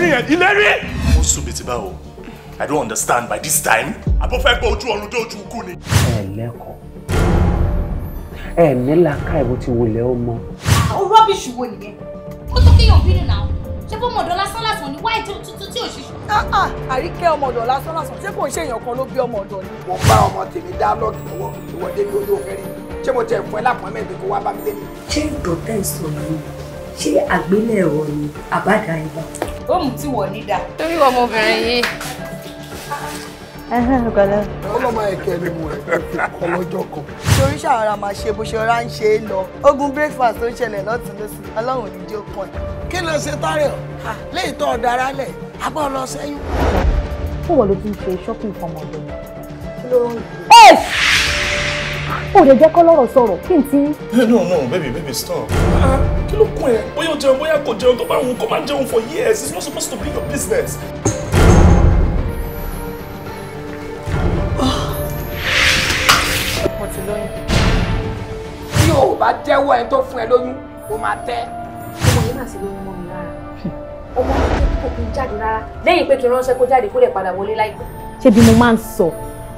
ìlérí yẹn ìlérí. ó sùn bíi ti báwo i don't understand by this time. àbó gbọ́ ojú ọ̀run dé ojú ikú ni. ẹ lẹ́kọ̀ọ́ ẹ nílà ká ti wọlé ọmọ. ó rọ́bìṣì ah, wo nìyẹn ó tó kéèyàn bínú náà ṣé bó mọ̀dọ̀ lásán lásán ni wáyé tó tuntun tí ò ṣe. Ah, ah, àríkẹ́ ọmọ lásán lásán ṣé kò ń ṣe èèyàn kan ló bí ọmọ ni. mo bá ọmọ tèmi dá lọ́ọ̀kì lọ́wọ́ ìwọ́de ní olú òfin rí ṣé mo tẹ ẹ̀fọ́ ẹ lápọ̀ mẹ́ẹ̀ẹ́dẹ́ kó wá bá mi lé mi. ṣé ìdọ̀tẹ́ ìsọ̀rọ̀ ni ṣé àgbélẹ̀rọ ni àbádá ibà fóòmù tí wọ́n ní dà. torí ọmọbìnrin yìí. ọlọ́mọ ẹ̀kẹ́ ni mo rẹ̀ lọ́jọ́ kan. torí ṣàrà máa ṣe bó ṣe ọ̀rá ń ṣe é lọ ogun breakfast tó ṣẹlẹ̀ lọ́tún lọ́sùn ọlọ́run ní jó kan. kí ló ṣe tárẹ̀ ọ́ léyìí tó ọ̀dará lẹ̀ abọ́ lọ sẹ́yìn. fún ló ti ń ṣe shopping fọmọ ọdún. kí ló ń ṣe o lè jẹ́ kọ́ lọ́rọ̀ sọ̀rọ̀ kí n ti. Eh, no no baby baby stop. Ah, kí ló kún ẹ bóyá o jẹun bóyá kò jẹun tó bá wù kó máa jẹun for years it's not supposed to be your business. mo ti lóyún. tí o bá jẹ́wọ́ ẹni tó fún ẹ lóyún o máa tẹ́. ọmọ yìí máa sì lóyún mọ́ mi lára ọmọ mi kò kí n jáde rárá lẹ́yìn pé kí n ránṣẹ́ kó jáde kó lè padà wọlé láìpẹ́. ṣé bí mo máa ń sọ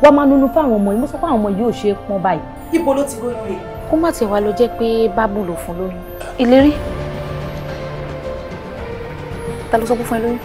wá máa nunu fáwọn ọmọ yìí mo sọ pé àwọn ọmọ yìí ò ṣe é pọn báyìí. ibo ló ti lóyún rẹ̀. kó má tiẹ̀ wá lọ jẹ́ pé bábù ló fún lóyún. ìlérí ta ló sọ pé fún ẹ lóyún.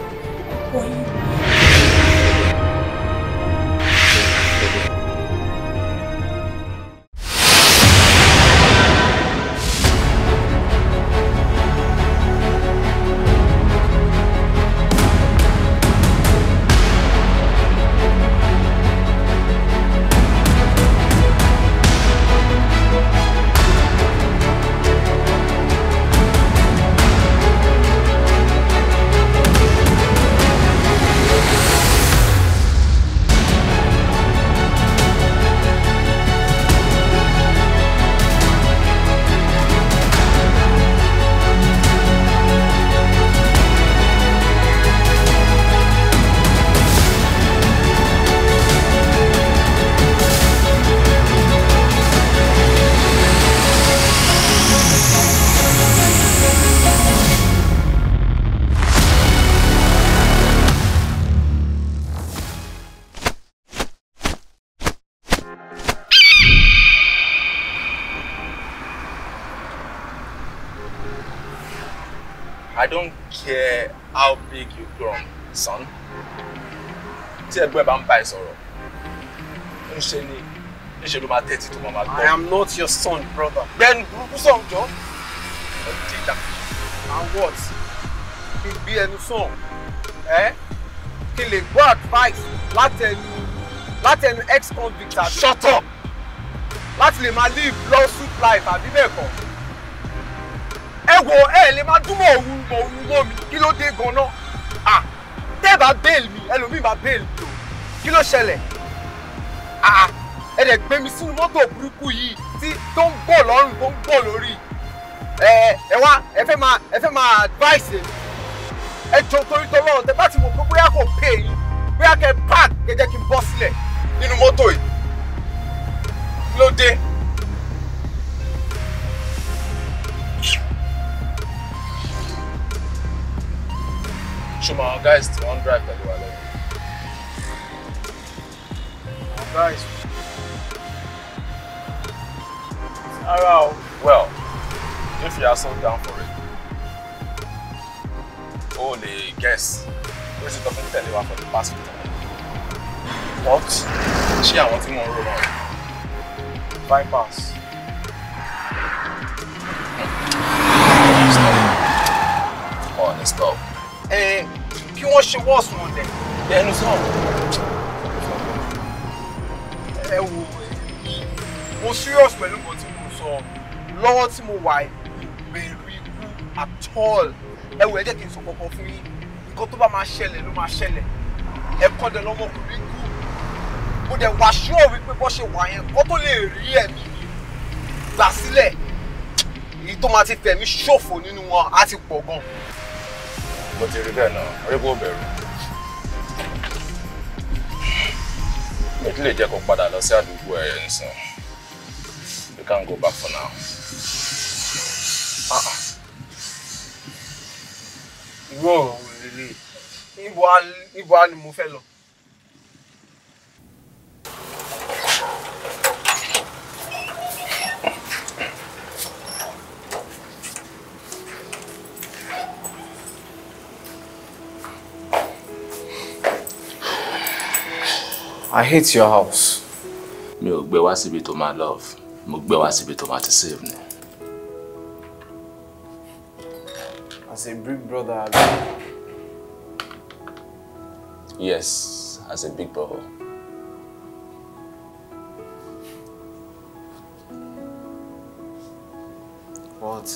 náà tí ẹgbẹ́ bá ń bá ẹ sọ̀rọ̀ ń ṣe ni níṣẹ́ ló máa tẹ́tí tó máa máa gbọ́. I am not your son brother. gbẹ́ni burúkú sọ̀rọ̀ jọ. ọ̀dẹ̀ ìjà and what kí n bí ẹnu sàn ẹ́ kí n lè gbọ́ advice látẹnu látẹnu ex-convict àbí. shut up. láti lè máa live lawsuit life àbí bẹ́ẹ̀ kọ́. ẹ wo ẹ lè máa dúnmọ̀ òun mọ̀ òun mọ́ mi kí ló dé gan-an tẹ́ bá bẹ́ẹ̀lì mi ẹlòmíì máa bẹ́ẹ̀lì mi o kí ló ṣẹlẹ̀ àà ah, ẹ dẹ̀ gbé mi sínú mọ́tò burúkú yìí tí tó ń bọ̀ lọ́rùn tó ń bọ̀ lórí ẹ ẹ wá ẹ fẹ́ máa ẹ fẹ́ máa advice ẹ jọ torí tọ́lọ́run tẹ bá ti mọ̀ pé bóyá kò pè yín bóyá kẹ park kẹ jẹ́ kí n bọ́ sílẹ̀ nínú mọ́tò yìí ló Chuma, our guy is on drive that you are level. Guys, guy Well, if you are so down for it, only guess. Where's it talking to anyone for the past 15 minutes? What? She and what's in one room out? Bypass. Oh, let's go. Hey, eh, kí wọ́n ṣe wọ́ọ̀sì wọn lẹ̀ ẹnu sàn. ẹ wo mo serious pẹ̀lú nǹkan tí mo sọ lọ́wọ́ tí mo wà bẹ̀rù ikú at all ẹ wo ẹ jẹ́ kí n sọ kankan fún yín nǹkan tó bá máa ṣẹlẹ̀ ló máa ṣẹlẹ̀ ẹ kọ́ dẹ lọ́mọkùnrin kú mo dẹ̀ wá ṣúọ̀ wípé bọ́ ṣe wà yẹn kó tó lè rí ẹ̀mí gbà sílẹ̀ èyí tó máa ti fẹ̀mí ṣòfò nínú wọn á ti pọ̀ gan mo ti rí bẹ́ẹ̀ náà rí kó bẹ̀rù mo ti lè jẹ́ kó padà lọ sí àdúgbò ẹ̀ nsìn you can go back for now. ìwọ ò lè lè ibo a ni mo fẹ́ lọ. I hate your house. Mi ò gbé wá síbi tó máa love. Mo gbé wá síbi tó máa ti save ni. As a big brother. Yes, as a big brother. What?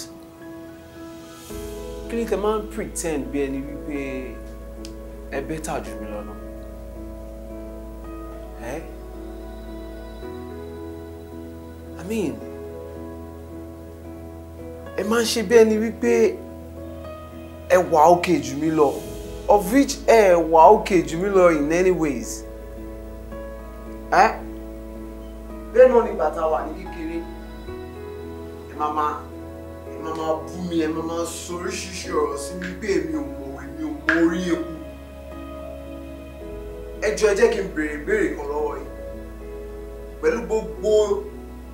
Can ni man pretend bí ẹni wípé ẹ bẹ́tà jù mí lọ Eh? I mean, ẹ máa ń ṣe bí ẹni wípé ẹ wà òkè jù mí lọ of which ẹ wà òkè jù mí lọ in any ways. Eh? bẹ́ẹ̀ náà nígbà tá a wà ní kékeré ẹ máa máa ẹ máa máa bú mi ẹ máa máa sọ oríṣiríṣi ọ̀rọ̀ sí mi pé èmi ò mọ̀ èmi ò mọ̀ orí eku ẹ jọ ẹ jẹ́ kí n béèrè ìbéèrè kan lọ́wọ́ yìí pẹ̀lú gbogbo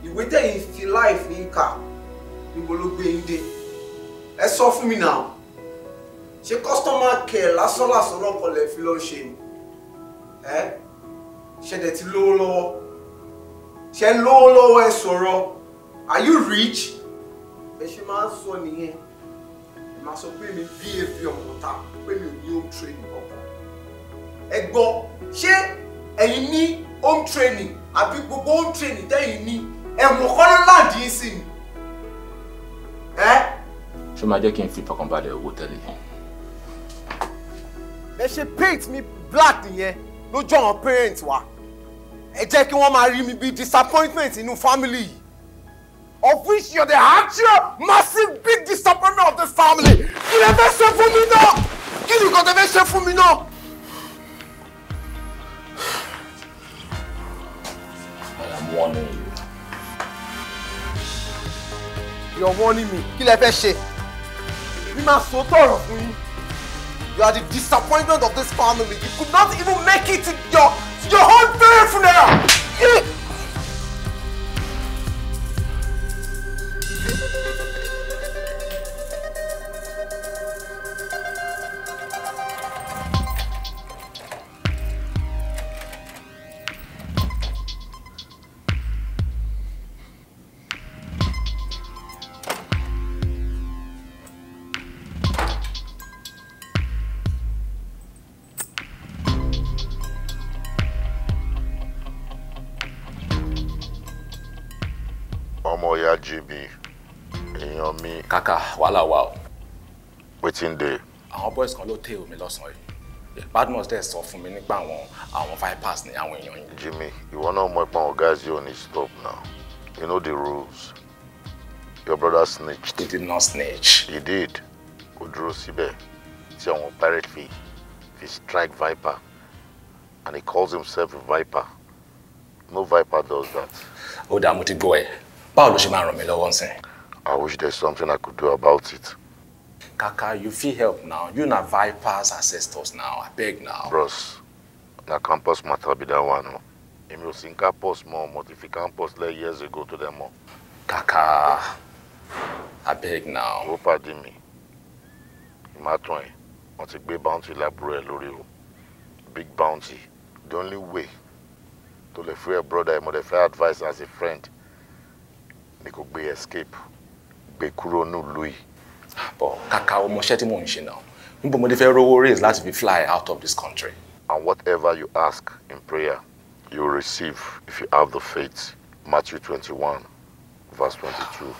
ìwé tẹ̀yìn fi láìfì ń kà níbo ló gbé ń dé ẹ sọ fún mi náà ṣé customer care lásán lásán náà kọlẹ̀ fi lọ́ọ́ ṣe ni ẹ ṣẹ̀dẹ̀ ti lówó lọ́wọ́ ṣe lówó lọ́wọ́ ẹ sọ̀rọ̀ are you rich ẹ ṣe máa ń sọ nìyẹn ẹ máa sọ pé mi bí èéfì ọ̀mọ̀ta pé mi ò ní home training ẹ gbọ́ ṣé ẹ̀yin ní home training àbí gbogbo home training tẹ́yìn ní ẹ̀wọ̀n kọ́lọ́ láàdì í sí ni. ṣé máa jẹ́ kí n fi fọkànbalẹ̀ owó tẹ́lẹ̀. ẹ ṣe paint mi black nìyẹn lójú àwọn parents wa ẹ jẹ́ kí wọ́n máa rí mi bíi disappointment inú family yìí of which you're the actual massive big disappointment of this family. kí lè fẹ́ ṣe fún mi náà kí ni kò tẹ́ fẹ́ ṣe fún mi náà. warning you. You're warning me. Kí lẹ fẹ́ ṣe? Mi máa sọ tọ̀rọ̀ fún yín. You are the disappointment of this family. You could not even make it to your to your own very funeral. Yeah. voice kan ló tẹ omi lọ́sàn-án yìí Badmus dẹ̀ sọ fún mi nípa àwọn àwọn five ní àwọn èèyàn yìí. Jimmy ìwọ náà mọ ipa àwọn guys yóò ní stop now you know the rules your brother snitched. he did not snitch. he did ó dúró síbẹ̀ tí àwọn pirate fi fi strike viper and he calls himself viper no viper does that. ó dààmú ti gbọ́ ẹ báwo ló ṣe máa ràn mí lọ́wọ́ ń sìn. I wish there's something I could do about it kaka you feel help now you na vipers ancestors now I beg now. bros na campus matter be that one o oh. èmi ò sí campus more. ọmọ campus lẹ years ago to them all. Oh. kaka I beg now. ó pàdé mi ìmàtàn ẹ wọn ti gbé bounty laburo ẹ lórí oh. big bounty the only way to le free brother ẹ advice as a friend ni kò gbé escape Be kuro nílùú Louis but kàkà ọmọọṣẹ́ tí mò ń ṣe náà níbo mo lè fẹ́ rówó raise láti fi fly out of this country. and whatever you ask in prayer you will receive if you have the faith Matthew twenty-one verse twenty-two.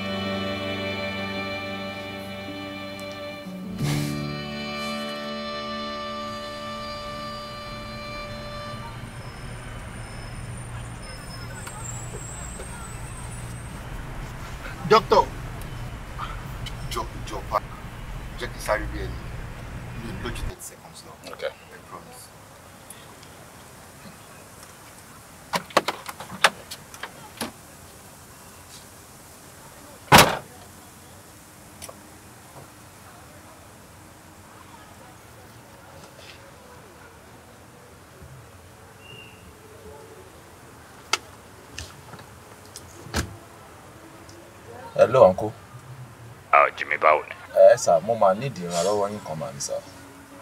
ẹ sà mo máa ní ìdìran lọ́wọ́ yín kan mà ní sà.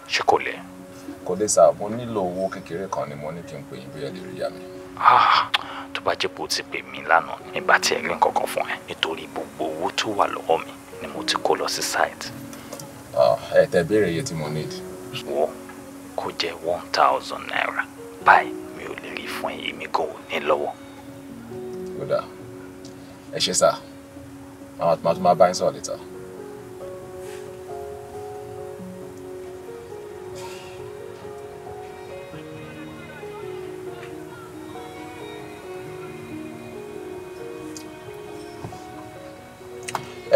ṣé kò lè. kò lè sà mo nílò owó kékeré kan ni mo ní kí n pè yín bóyá lè rí yá mi. Ah, tó bá jẹ́ pé o ti pè mí lánàá nígbà tí ẹ rí nǹkan fún ẹ nítorí gbogbo owó tó wà lọ́wọ́ mi ni mo ti kó lọ sí site. Ah, ẹ tẹ béèrè iye tí mo need. wo kó jẹ́ one thousand naira báyìí mi ò lè rí fún èmi kò ní lọ́wọ́. kódà ẹ ṣe sà màá tún máa bá yín sọ̀rọ̀ lẹ́tà.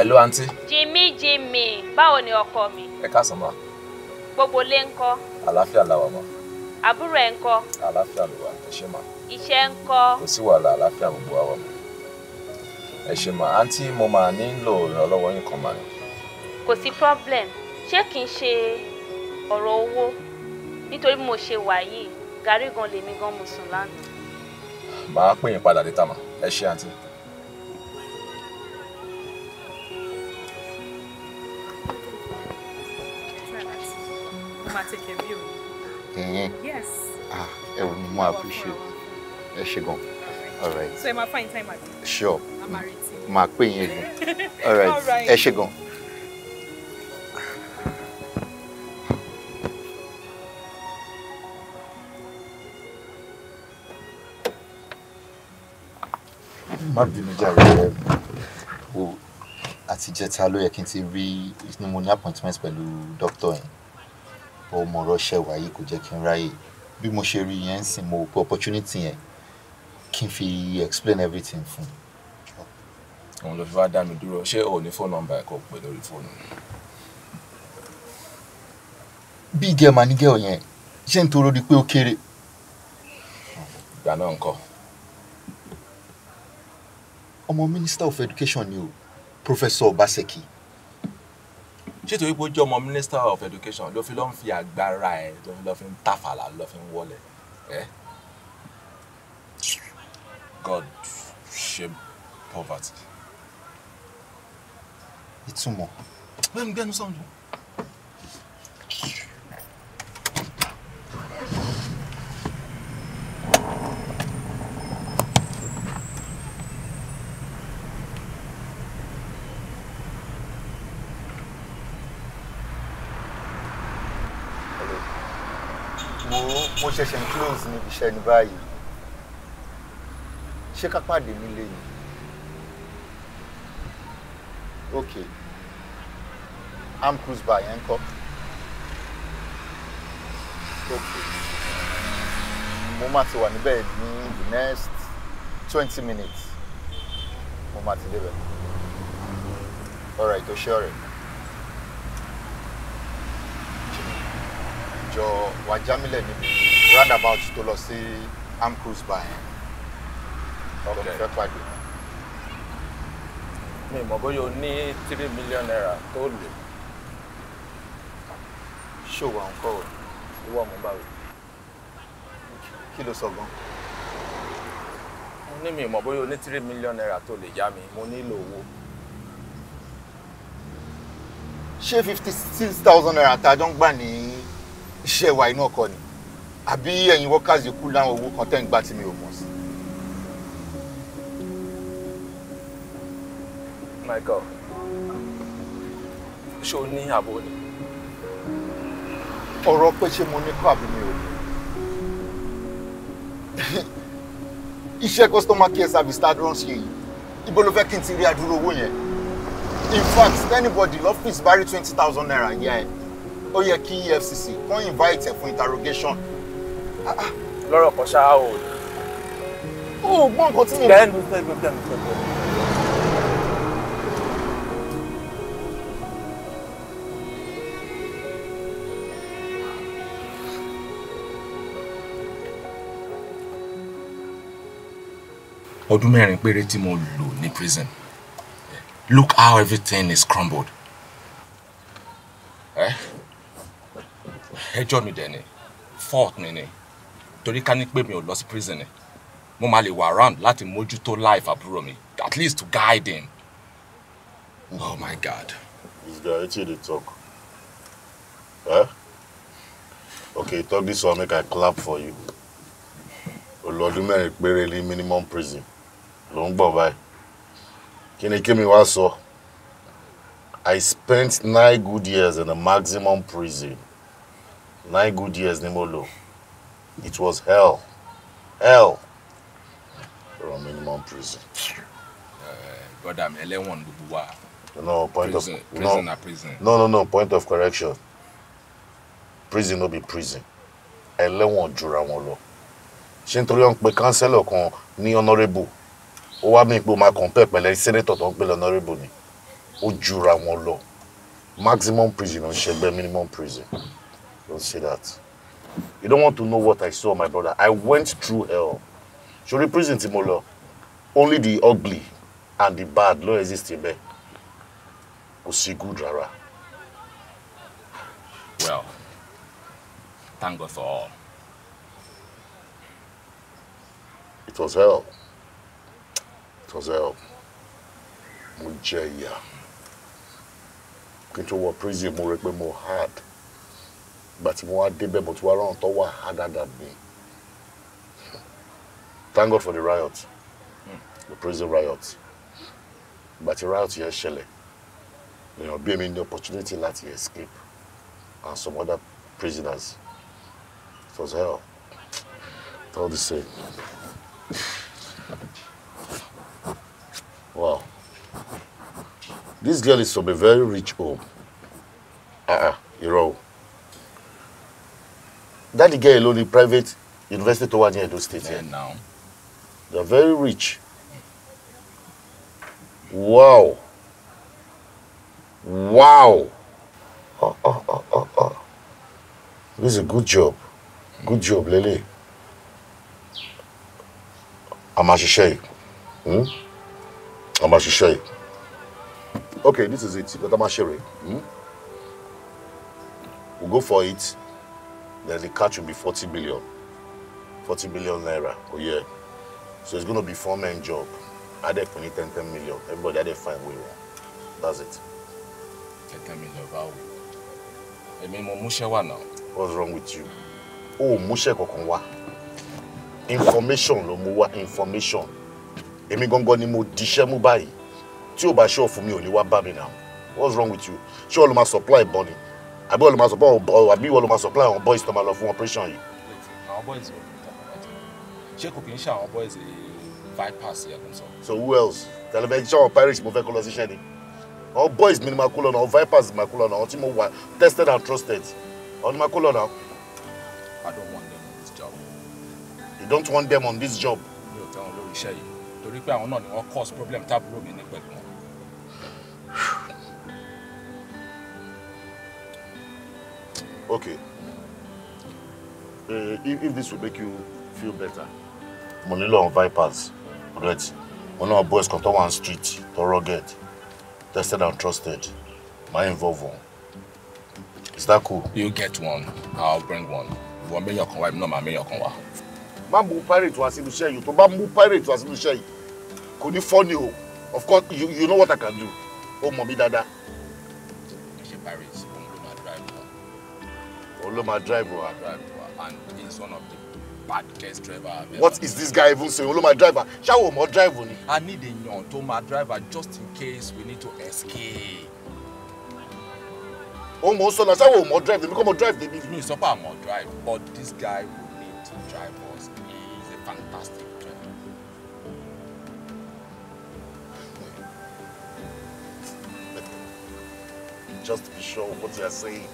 hello àǹtí. jimmy jimmy báwo ni ọkọ mi. ẹ káàsán ma. gbogbo lé ńkọ́. àlàáfíà làwà ma. àbúrò ẹ ńkọ́. àlàáfíà ló wà ẹ ṣé ma. iṣẹ́ ńkọ́. kò sí wàhálà àlàáfíà gbogbo wa wà ma. ẹ ṣé ma àǹtí mo máa nílò ìrànlọ́wọ́ yín kan ma ni. kò sí problem ṣé kì í ṣe ọ̀rọ̀ owó nítorí mo ṣe wà yìí gàrí gan lèmi gan mo sùn lánàá. màá pè yín padà dé tàmá ẹ ṣé àǹtí. take a view. Mm-hmm. Yes. Ah, I will more appreciate. Ẹ ṣé All right. So, am I fine time at you? Sure. I'm married. Máa pè yín. All right. All right. Ẹ ṣé gan. Má bínú jàre. Wo àtijẹ́ta ló yẹ kí n ti rí pneumonia appointment pẹ̀lú dókítà yẹn ọmọ rọṣẹ wàyí kò jẹ́ kí n ráyè bí mo ṣe rí yẹn ń mo pe opportunity yẹn kí n fi explain everything fún un. òun ló fi wá dá mi dúró ṣé o ní fóònù nọ́mbà ẹ kò lórí fóònù. bí gẹ́ẹ̀ máa ní gẹ́ẹ̀ yẹn ṣé n tó rò di pé ó kéré. ìgbà náà ńkọ́. ọmọ minister of education ni o professor Obaseki ṣé torí pé ó jẹ́ ọmọ minister of education ló fi lọ́ ń fi agbára ẹ̀ ló fi tàfàlà ló fi wọlé ẹ̀ God shame poverty. ìtumọ̀. gbẹ́nu gbẹ́nu sọ̀rọ̀. ṣẹ̀ṣẹ̀ ń close níbi iṣẹ́ ní báyìí ṣé ká pàdé nílé ni ok am cruise by ẹ̀ ń kọ́ ok mo máa ti wà níbẹ̀ ní the next twenty minutes mo máa ti débẹ̀ alright o ṣe ọ̀rẹ́ jọ wàjámílẹ̀ níbi roundabout tó lọ sí amcruz bar yẹn lọ́dún fẹ́ pàdé. mi mọ̀ bóyá o ní three million naira tó lò. ṣòwò àwọn kọ̀wé. owó ọmọ bá wò. kí ló sọ gan. mo ní mi mọ̀ bóyá o ní three million naira tó lè yá mi mo nílò owó ṣé fifty six thousand naira tá a jọ ń gbà ní iṣẹ́ wa inú ọkọ ni àbí ẹ̀yin workers yìí kú láwọn owó kan tẹ́ ń gbà tí mi sí. Michael ṣé o ní àbò ni. ọ̀rọ̀ pé ṣé mo ní kọ́ àbí mi ò ní. iṣẹ́ customer care service tá a dúró ń ṣe yìí ibo ló fẹ́ kí n ti rí adúrú owó yẹn in fact anybody lọ́fíìsì bá rí twenty thousand naira yẹn ó yẹ kí EFCC wọ́n invite ẹ̀ fún interrogation lọ́rọ̀ kan ṣáá o. o gbọ́ nǹkan tí mo. bẹ́ẹ̀ni bẹ́ẹ̀ni bẹ́ẹ̀ni bẹ́ẹ̀ni. ọdún mẹ́rin péré tí mo lò ní prison look how everything is crumbled. Eh? ẹjọ́ mi dẹ̀ ni fault mi ni torí ká ní pé mi ò lọ sí prison ni mo máa lè wà around láti mójútó life àbúrò mi at least to guide him. oh my god. this guy wetin dey talk. Eh? okay talk this one make i clap for you. olùọdún mẹ́rin péré ní minimum prison ló ń gbọ̀ báyìí kí ni kí mi wá sọ i spent nine good years in a maximum prison nine good years ni mo lò. It was hell. Hell. For a minimum prison. Brother, I'm ẹlẹ́wọ̀n gbogbo No, point prison, of... Prison no, prison. No, no, no, point of correction. Prison no be prison. Ẹlẹ́wọ̀n jura wọn lọ. Ṣé nítorí wọn kon ni kan ní honourable? Ó wá mí pé o máa compare pẹ̀lẹ́ sẹ́nẹ́tọ̀ tó ni. O jura wọn Maximum prison ò ń ṣẹgbẹ́ minimum prison. Don't say that you don't want to know what I saw, my brother. I went through hell. Ṣorí prison tí mo only the ugly and the bad ló exist in Kò sí good rara. Well, thank God for all. It was hell. It was hell. Mujaya. jẹ ìyà. Kí prison, more rí pé mo hard ìgbà tí mo wá débẹ̀ mo ti wá ráhùn tó wà harder than me thank God for the riot mm. the prison riot ìgbà tí riot yẹn ṣẹlẹ̀ èèyàn bí mi ní opportunity láti escape and some other prisoners it was hell it's all the same wow this girl is from a very rich home ah uh ah -uh, irọ́ o dáàdì gẹ́yẹ̀ ló ní private university towards wà ní Edo state yẹn yeah, they are very rich wow wow oh, oh, oh, oh, oh. this is a good job good job lele a máa ṣiṣẹ́ yìí hmm? a máa ṣiṣẹ́ okay this is it nǹkan tá a máa Hmm. rè we go for it then the catch will be 40 billion. 40 billion naira a year. So it's gonna be four men job. I did 20, 10, 10 million. Everybody, I a find way That's it. 10, 10 million, wow. I mean, mo múṣẹ́ now. What's wrong with you? Oh, múṣẹ́ kankan Information ló mú wá, information. Èmi gongo ni mo díṣẹ́ mú báyìí. Tí o bá ṣe ọ̀fun mi ò ní wá now. What's wrong with you? Show o lọ supply bọ́ni? àbí wọ́n ló máa supply àbí wọ́n ló máa supply àwọn boys tó máa lọ fún operation yìí. àwọn boys ò ṣé kò kì í ṣe àwọn boys bypass yẹn sọ. so who else Television. àwọn pirates mo fẹ́ kó lọ síṣẹ́ ni àwọn boys mi ni máa kó lọ náà àwọn vipers mi máa kó lọ àwọn tí mo wà tested and trusted àwọn ni máa kó lọ I don't want them on this job. You don't want them on this job. mi ò tẹ́ wọn lórí iṣẹ́ yìí torí pé àwọn náà ni wọ́n cause problem tábìlì mi ní pẹ̀lú wọn. Okay. Uh, if, if this will make you feel better. Mo nílò vipers, right? One of our boys kan tó wà street, tó rugged, tested and trusted. My involve Is that cool? You get one, I'll bring one. Ìwọ mẹ́yọ̀ kan wá, èmi náà máa mẹ́yọ̀ come wá. Má mú pirate wá síbi iṣẹ́ yìí. Tó bá mú pirate was in the share. yìí, kò ní funny o. Of course, you, you know what I can do. Oh, mommy, dada. dáadáa. Ṣé pirate? Oloma driver. driver and he's one of the baddest driver I've ever What is this guy even saying? Oloma driver. Ṣáwo o mọ driver ni? I need a yan tó máa driver just in case we need to escape. Almost on sọ́nà ṣáwo o mọ drive débi kó mọ drive débi. Mi sọ pé more drive but this guy will need to drive us. He is a fantastic driver. Just be sure what you are saying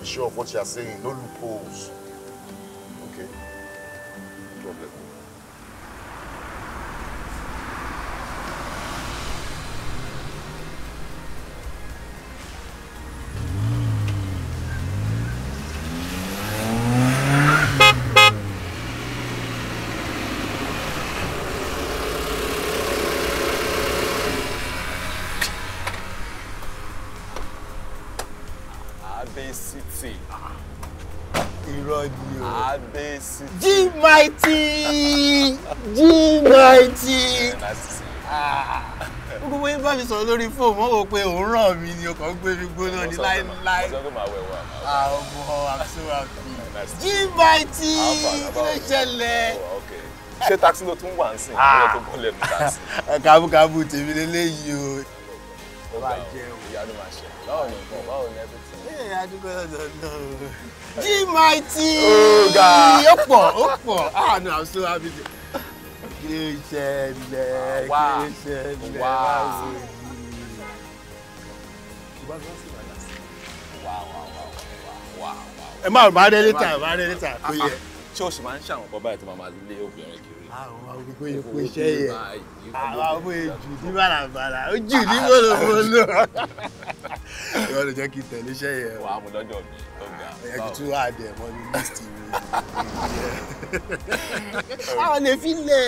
be sure of what you are saying. No loopholes. Okay. No problem. mighty g mighty. gbogbo yín bá mi sọ̀rọ̀ lórí fóònù wọ́n wò pé òun ràn mí ni ọkàn gbé mi gbóná ní láéláé. Ah, ọmọ i'm so happy. g mighty oh, kí ló ṣẹlẹ̀ oh, ṣé taxi ló tún wà ń sìn ìwé ah. tó bọ́lẹ̀ ní taxi. Eh, kábùkábù tèmi lélẹ́yìí o. ó bá jẹ́ òun. ìyá ló máa ṣe. báwo ni báwo ni ẹbí I adúgbò lọ́dọọdọ. Jimite. ó pọ̀ ó pọ̀ ah no I'm so happy. kí Wow! ṣẹlẹ̀ Wow! Wow! Wow! Wow! Wow! Wow! Wow! bá dé létà bá dé létà. ṣé o sì máa ń ṣàwọn ọkọ báyìí tó máa máa lé obìnrin kiri àwọn arúgbó epo iṣẹ́ yẹn àwọn ọmọ èjù ní bàràbàrà ó jù ní bòlòbòlò. ìwọ ló jẹ́ kí n tẹ̀lé iṣẹ́ yẹn. wà á mú lọ́jọ́ mi ọ̀gá. ẹ kì í tún wá dẹ̀ mọ́ ní list mi. àwọn lè fi lẹ̀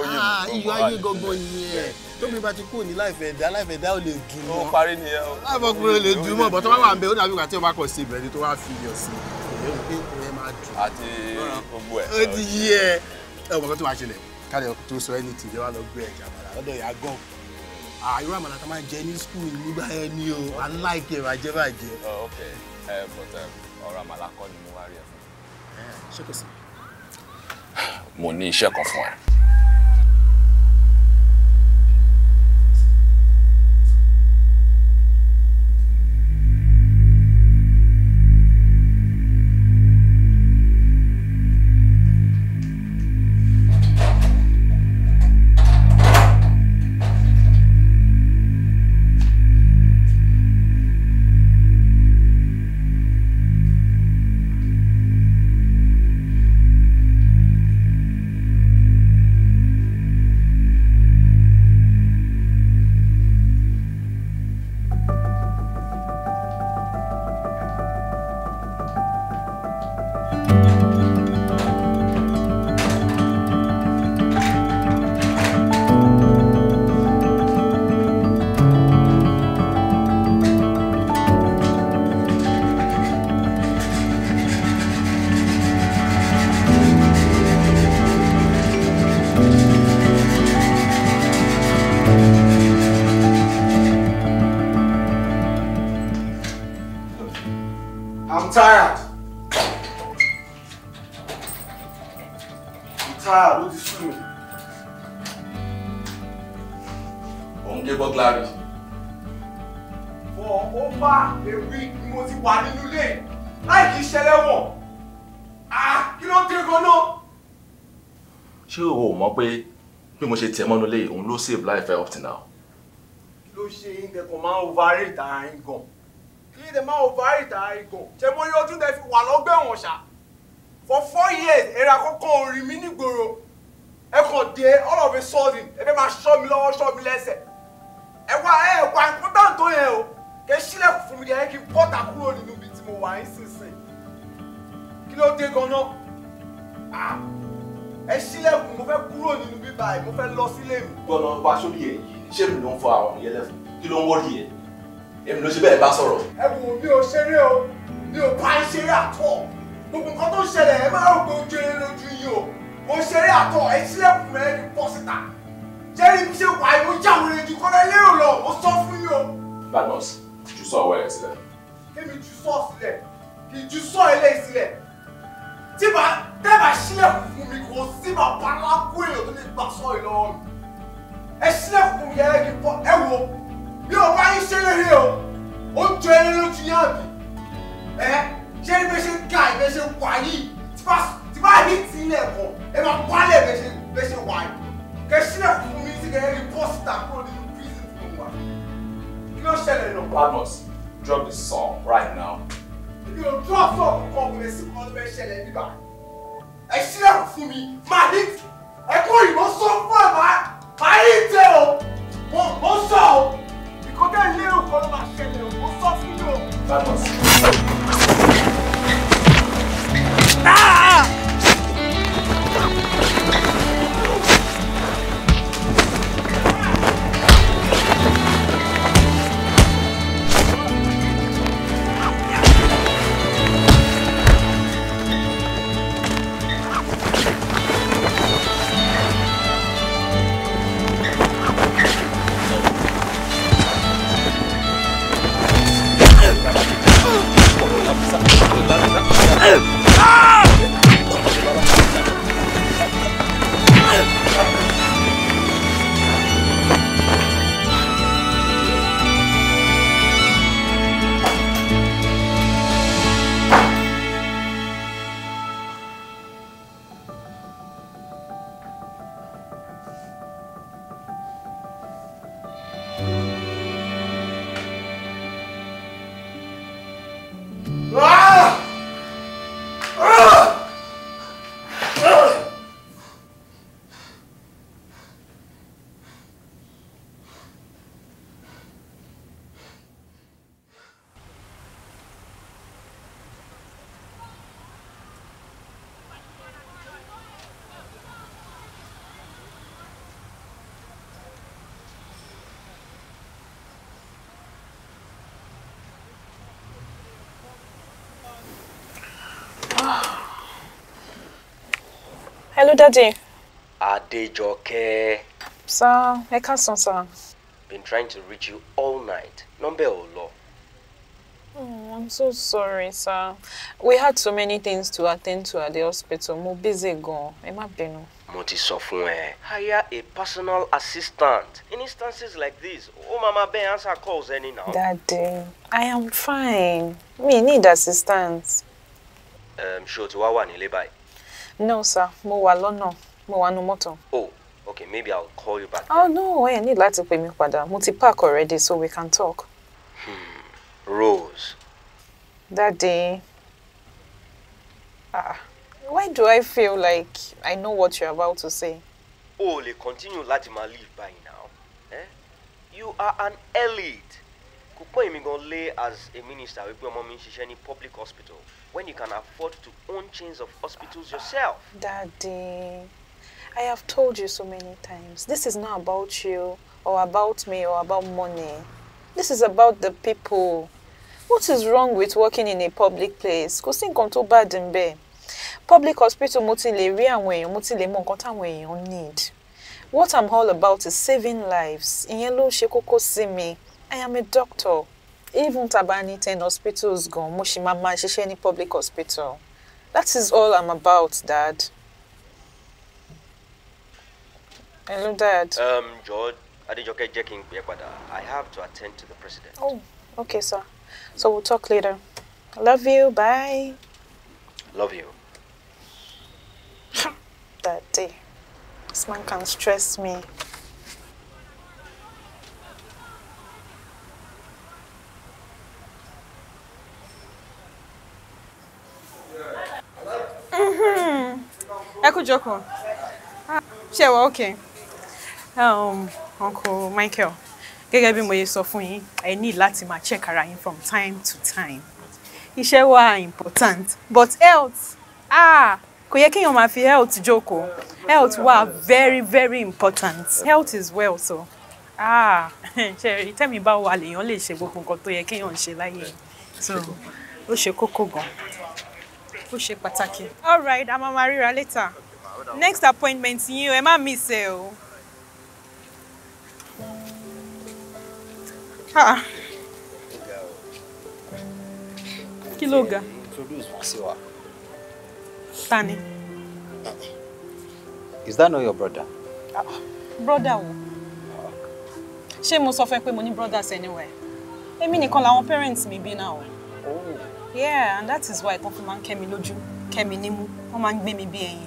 iyọ̀ ayé gangan nìyẹn tóbi bá ti kú ní láìfẹ̀ dá láìfẹ̀ dá ò lè dùn mọ́. ó parí nìyẹn o. láìfọ̀ kúrò lè dùn mọ́ bọ́tọ́ bá wà ń bẹ ó dàbí ìgbà tí o bá kọ̀ sí ibẹ̀rẹ̀ tó wá fi iyọ̀ sí i. èyí ò pé ẹ máa dùn. àti gbogbo ẹ̀. ó ti yí ẹ ẹ ò tó máa ṣẹlẹ̀ kálẹ̀ tó sọ ẹni tìjẹ́ wa lọ gbé ẹ̀jẹ̀ àmàlà lọ́dọ̀ ìyá gọ́ọ̀ àìró àmàlà tá máa jẹ ní skul nígbà yẹn ni o aláìkè bàjẹ́ bàjẹ́. Oh, ok but um, ọ̀rọ̀ àmàlà kọ́ ni mo wá rí ẹ fún. mo ní iṣẹ́ kan fún ẹ. ló save life ẹ eh, up till now. ló ṣe ìgbẹ́ kan máa ń overrate ara yín gan kí ni máa overrate ara yín gan ṣe mo yọ ọdún tẹ fi for four years èrè àkọ́kọ́ orin mi nígboro ẹ kàn dé all of a sudden ẹ fẹ́ máa ṣọ́ mi lọ́wọ́ ṣọ́ mi lẹ́sẹ̀ ẹ wá ẹ wá important tó yẹn o kẹ sílẹ̀kùn fún mi kẹ kí n bọ́ta kúrò nínú ibi tí mo wà ń sìn sìn kí ló dé gan-an. Ah! ẹ ṣílẹ̀kùn mo fẹ́ kúrò nínú bíbá ẹ̀ mo fẹ́ lọ sílé mi. gbọ́dọ̀ wá sórí ẹ̀ yìí ṣé mi ló ń fọ àwọn yẹlẹ fún kí ló ń wọ́ọ̀rì ẹ̀ èmi ló ṣe bẹ́ẹ̀ bá sọ̀rọ̀. ẹ wò mí ò ṣeré o mi ò bá ṣeré àtọ̀ gbogbo nǹkan tó ṣẹlẹ̀ ẹ má rò pé ó jẹrẹ lójú yìí o mo ṣeré àtọ̀ ẹ ṣílẹ̀kùn rẹ ní pọ̀ síta jẹ́rìí mi ṣe wà mo jáwèrè ju kọ́lẹ́ lérò lọ mo sọ fún yín o. badmus jù sọ ọwọ́ ẹ sílẹ̀. kémi jù sọ sílẹ̀ kì í jù sọ ilé sílẹ̀ tí bá tẹ́ẹ̀bà ṣílẹ̀kùn fún mi kò sí bàbá ńlá kó èèyàn tó lè gbà sọ ìlọrin ẹ ṣílẹ̀kùn fún mi ẹ kí n fọ ẹ wo bí ọba yín ṣe rere o ó jọ eré lójú yín àbí ẹ ṣé ní bẹ́ẹ̀ ṣe ń ga ìbẹ́ ṣe wà yìí tí bá yìí ti ilẹ̀ kọ̀ ẹ máa wálẹ̀ bẹ́ẹ̀ ṣe wà yìí kẹ ṣílẹ̀kùn fún mi sí kẹ ẹ rí bọ́sítà kúrò nínú prison fún wa kí ló ṣẹlẹ̀ lọ. Badmus drop the song right now. ibi drop song kankan kò lè sí kọ́ ló fẹ́ ṣẹlẹ̀ níbàá ẹ ṣílẹ̀kùn fún mi máa ní ẹkún òyìnbó sọ fún ẹ̀ máa rí ìtẹ́ o mo mo sọ o ìkọ́tẹ́ ìlérò kan ló máa ṣẹlẹ̀ o mo sọ fún yín hello daddy. Adejoke. Sir, ẹ káàsán sir. Been trying to reach you all night. Number ò Oh, I'm so sorry, sir. We had so many things to attend to at the hospital. Mo busy gan. Ẹ má bínú. Mo ti sọ fún ẹ. Hire a personal assistant. In instances like this, ó máa máa bẹ́ẹ̀ answer calls any now. Daddy, I am fine. Me need assistance. Um, ṣé o ti wá wà nílé báyìí? No, sir. Mo wà lọ́nà. Mo wà nú mọ́tò. Oh, okay. Maybe I'll call you back. Oh, then. Oh, no. Ẹ ní láti pè mí padà. Mo ti park already, so we can talk. Hmm. Rose. Daddy. Ah. Why do I feel like I know what you're about to say? O lè continue letting máa live by now. Eh? You are an elite. Kò pọ́n èmi gan lé as a minister wípé ọmọ mi ń ṣiṣẹ́ public hospital when you can afford to own chains of hospitals yourself? Daddy, I have told you so many times. This is not about you or about me or about money. This is about the people. What is wrong with working in a public place? Kò sí nǹkan Public hospital mo ti lè rí àwọn èèyàn, mo need. What I'm all about is saving lives. Ìyẹn ló ṣe I am a doctor. even tabani 10 hospitals gan mo ṣì máa public hospital that is all i'm about dad. hello dad. Um, George, I did your n pè i have to attend to the president. oh okay sir so we'll talk later love you bye. love you. that day this man can stress me. Mm-hmm. ẹ kú jókòó ṣé ẹ okay um, uncle Michael gẹ́gẹ́ bí mo ṣe sọ fún yín ẹ ní láti máa check ara yín from time to time iṣẹ́ wa important but health ah kò yẹ kéèyàn máa fi health Joko. health wa very very important health is well so ah ṣe tẹ́mi bá wà lèèyàn lè ṣe gbogbo nǹkan tó yẹ kéèyàn ṣe láyé so ó ṣe kókó gan ó ṣe pàtàkì. all right a máa máa ríra later next appointment yín ẹ má miss ẹ o. Ah. kí ló ga. introduce is that not your brother. Ah, brother wo ṣé mo sọ fẹ́ pé mo ní brothers anywhere èmi nìkan làwọn parents mi bí náà o. Oh yeah and that is why tó fi máa ń kẹ́ mi lójú kẹ́ mi nímú wọ́n máa ń gbé mi bí ẹyin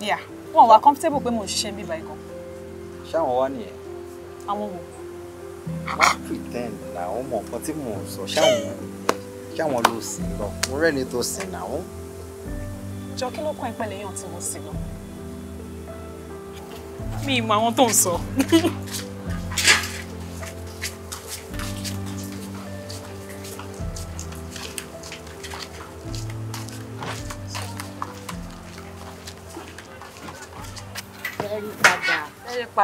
yeah wọn wà comfortable pé mo ń ṣiṣẹ́ bíbá ikọ̀. ṣáwọn wá nìyẹn. àwọn wò. má pretend làwọn mọ nǹkan tí mò ń sọ ṣáwọn ṣáwọn ló sì lọ mo rẹ́ni tó sìn náà. jọ kí ló kọ́ ìpẹ́lẹ̀ yàn tí mo sì lọ. mi ì mọ àwọn tó ń sọ.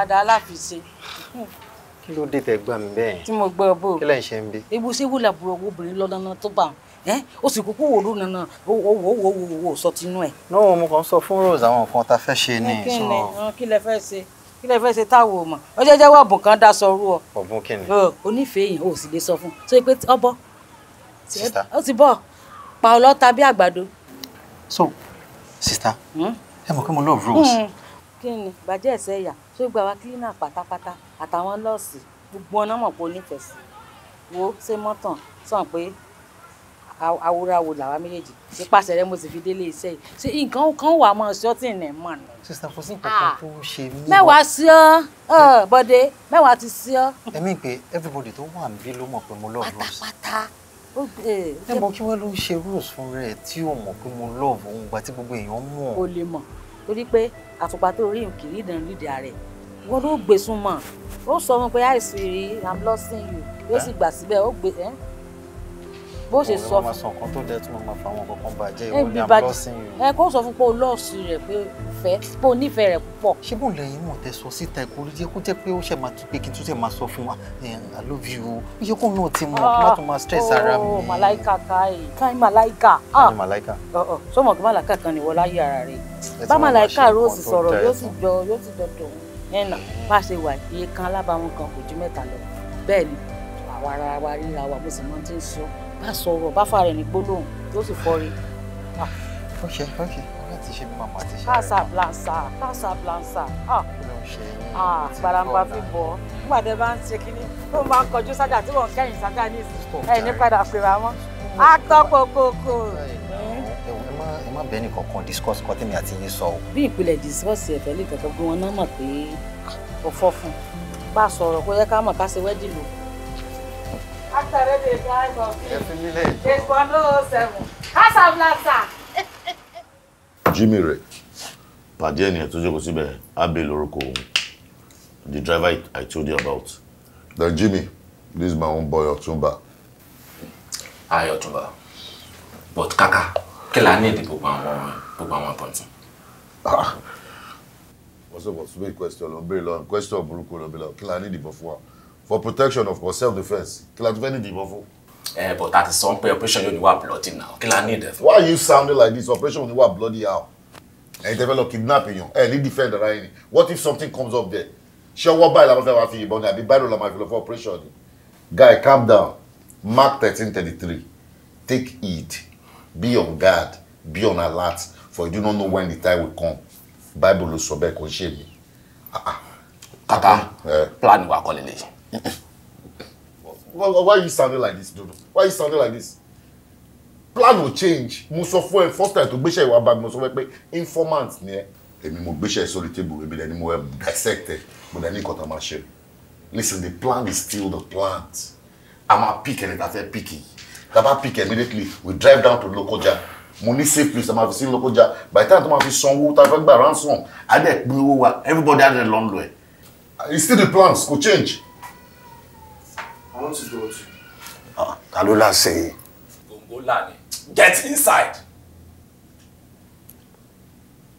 padà aláfiṣe. Hmm. kí ló dé tẹ gbà mí bẹ́ẹ̀. tí mo gbọ́ bò. kí lẹ́yìn ṣe ń bí. ibu ṣé wúlà burú obìnrin lọ dandan tó bá ẹ ó sì kúkú wò ló nana wò wò wò wò wò sọ tinú ẹ. náà mo kàn sọ fún Rose àwọn nǹkan tá a fẹ́ ṣe ni. kí ni kí lẹ fẹ́ ṣe kí lẹ fẹ́ ṣe táwo mọ̀ ó jẹ́jẹ́ wà bùn kan dá sọrú ọ. ọ̀bùn kí ni. onífẹ̀ẹ́ yìí ò sì lè sọ fún un sọ pé ọbọ ó ti bọ̀ pa ọlọ́ta bí àgbàdo. so sista hmm? ẹ mọ̀ pé mo love Rose. Hmm. kí ni bàjẹ́ ẹ̀sẹ̀ ẹ̀yà ṣé gba wa kílínà pátápátá àtàwọn nọ́ọ̀sì gbogbo ọ̀nà mọ̀ pé o nífẹ̀ẹ́ sí wo ṣé mọ́tàn sàn pé awúráwo làwa méjèèjì nípasẹ̀ rẹ mo sì fi délé iṣẹ́ yìí ṣe nǹkan kan wà mọ́ ṣọ́ tí ìnà ẹ̀ mọ̀ ni. sista kò sí nǹkan kan ah. tó ṣe mí. mẹ́wàá sí ọ́ bọ́dé mẹ́wàá ti sí ọ́. ẹ̀mí pé everybody tó wà níbí ló mọ̀ pé mo love Rose. pátápátá ó gbé. ẹ mọ kí wọn ló ń ṣe Rose fún rẹ tí ò mọ̀ pé mo love òun gba tí gbogbo èèyàn mọ̀. o lè mọ̀ torí pé àtùpà tó rí n kìí dàn rí ìdá ló gbé súnmọ́ ó sọ wọn pé àìsí rí i'm losing you ó sì gbà síbẹ̀ ó gbé bó ṣe sọ fún mi. bàjẹ́ ẹ kó sọ fún pé o lọ́ọ̀sì rẹ̀ pé fẹ́ pé o nífẹ̀ẹ́ rẹ̀ púpọ̀. ṣé bóun lẹ́yìn mọ̀ tẹ sọ síta ẹ̀kọ́ ló jẹ́ kó jẹ́ pé ó ṣe máa tún pé kí n tún ṣe máa sọ fún wa i love you o ó kó náà ti mọ̀ kí má tún máa stress ah, ara oh, mi. ooo màláìka káì káì màláìka. káì màláìka. sọmọ kí màláìka kan ni wọ́n láyé ara rẹ̀ bá màláìka rose sọ̀rọ̀ yóò sì jọ yóò sì dọ̀dọ̀ ẹ̀nà bá ṣe wà iye kan alábàáwọn kan kò ju mẹ́ta lọ bẹ́ẹ̀ ni àwa ara wa ríra wa bó sì mọ́ ti ń sọ bá sọ̀rọ̀ bá fà rẹ̀ ní gbólóhùn yóò sì fọ́ rí. Ah, ok ok láti ṣe mímọ àti ṣe. káàsà blansa káàsà blansa. kí ló ń ṣe yín. Ah, gbaramba fi bọ̀ nígbàdé bá ń ṣe kínní tó máa ń kọjú sájà tí wọ́n kẹ́yìn sájà ní ìsìnkú ẹ̀ ní padà pè wá mọ́. atọ́ kokoko. ẹ má bẹ́ẹ̀ nìkan kan discuss kan tèmi àti yín sọ o. bí ìpìlẹ̀ discuss ẹ̀fẹ̀ lè kẹ̀kẹ́ gbé wọn náà mọ̀ pé ọ̀fọ́ ah, fún bá sọ̀rọ̀ kó yẹ ká mọ̀ ká ṣe wẹ́dì lò. Jimmy the time of eight one oh seven. Casablanca. Jimmy Ray, pàdé ènìyàn tó jókòó síbẹ̀, Abe lorúkọ òun. The driver I, I told you about. Then Jimmy, this is my own boy Ọ̀túnba. Hi Ọ̀túnba, but kàkà, kí la ní èdè gbogbo àwọn gbogbo àwọn àpọ̀ntì? Wọ́n sọ̀rọ̀ sùgbọ́n question ló ń béèrè lọ́wọ́ question burúkú ló ń béèrè lọ́wọ́ kí la ní ìdìbò fún wa? for protection of course self defence kí di tún fẹ́ ẹ eh, but àti sọ pé operation yóò ní wà bloody now kí need ẹ why are you sounding like this operation yóò ní wà bloody how ẹ develop kidnapping. èèyàn ẹ ní defend ara yín what if something comes up there ṣé ọwọ́ báyìí la máa fẹ́ wá fi ìbọn ni àbí báyìí la máa fi lọ fún operation ni. guy calm down mark thirteen thirty three take heed be on guard be on alert for you do not know when the time will come bible ló sọ bẹ́ẹ̀ kò ń ṣe mí. kàkà ah, ah. eh. plan wa kọ́ lélẹ́yìn why, why are you sounding like this Dodo why are you sounding like this plan will change mo sọ fún ẹ first time to gbéṣẹ́ ìwà bá mi mo sọ fún ẹ pé informant ni ẹ èmi mo gbéṣẹ́ sórí tébùrù èmi dẹni mo ẹ eh, dissect ẹ mo dẹni nǹkan tó máa ṣe listen the plan is still the plan a máa pick ẹni tá a fẹ́ pick a bá immediately we drive down to Lokoja mo ní safe place a máa fi sí Lokoja by the time tó máa fi sanwó tá a fẹ́ gbà ransom á dẹ̀ pín owó wa everybody á dẹ̀ lọ́nlọ́ ẹ̀ it's still the plans kò change. I want to go too. Ah, ta say. láṣẹ ni. Get inside.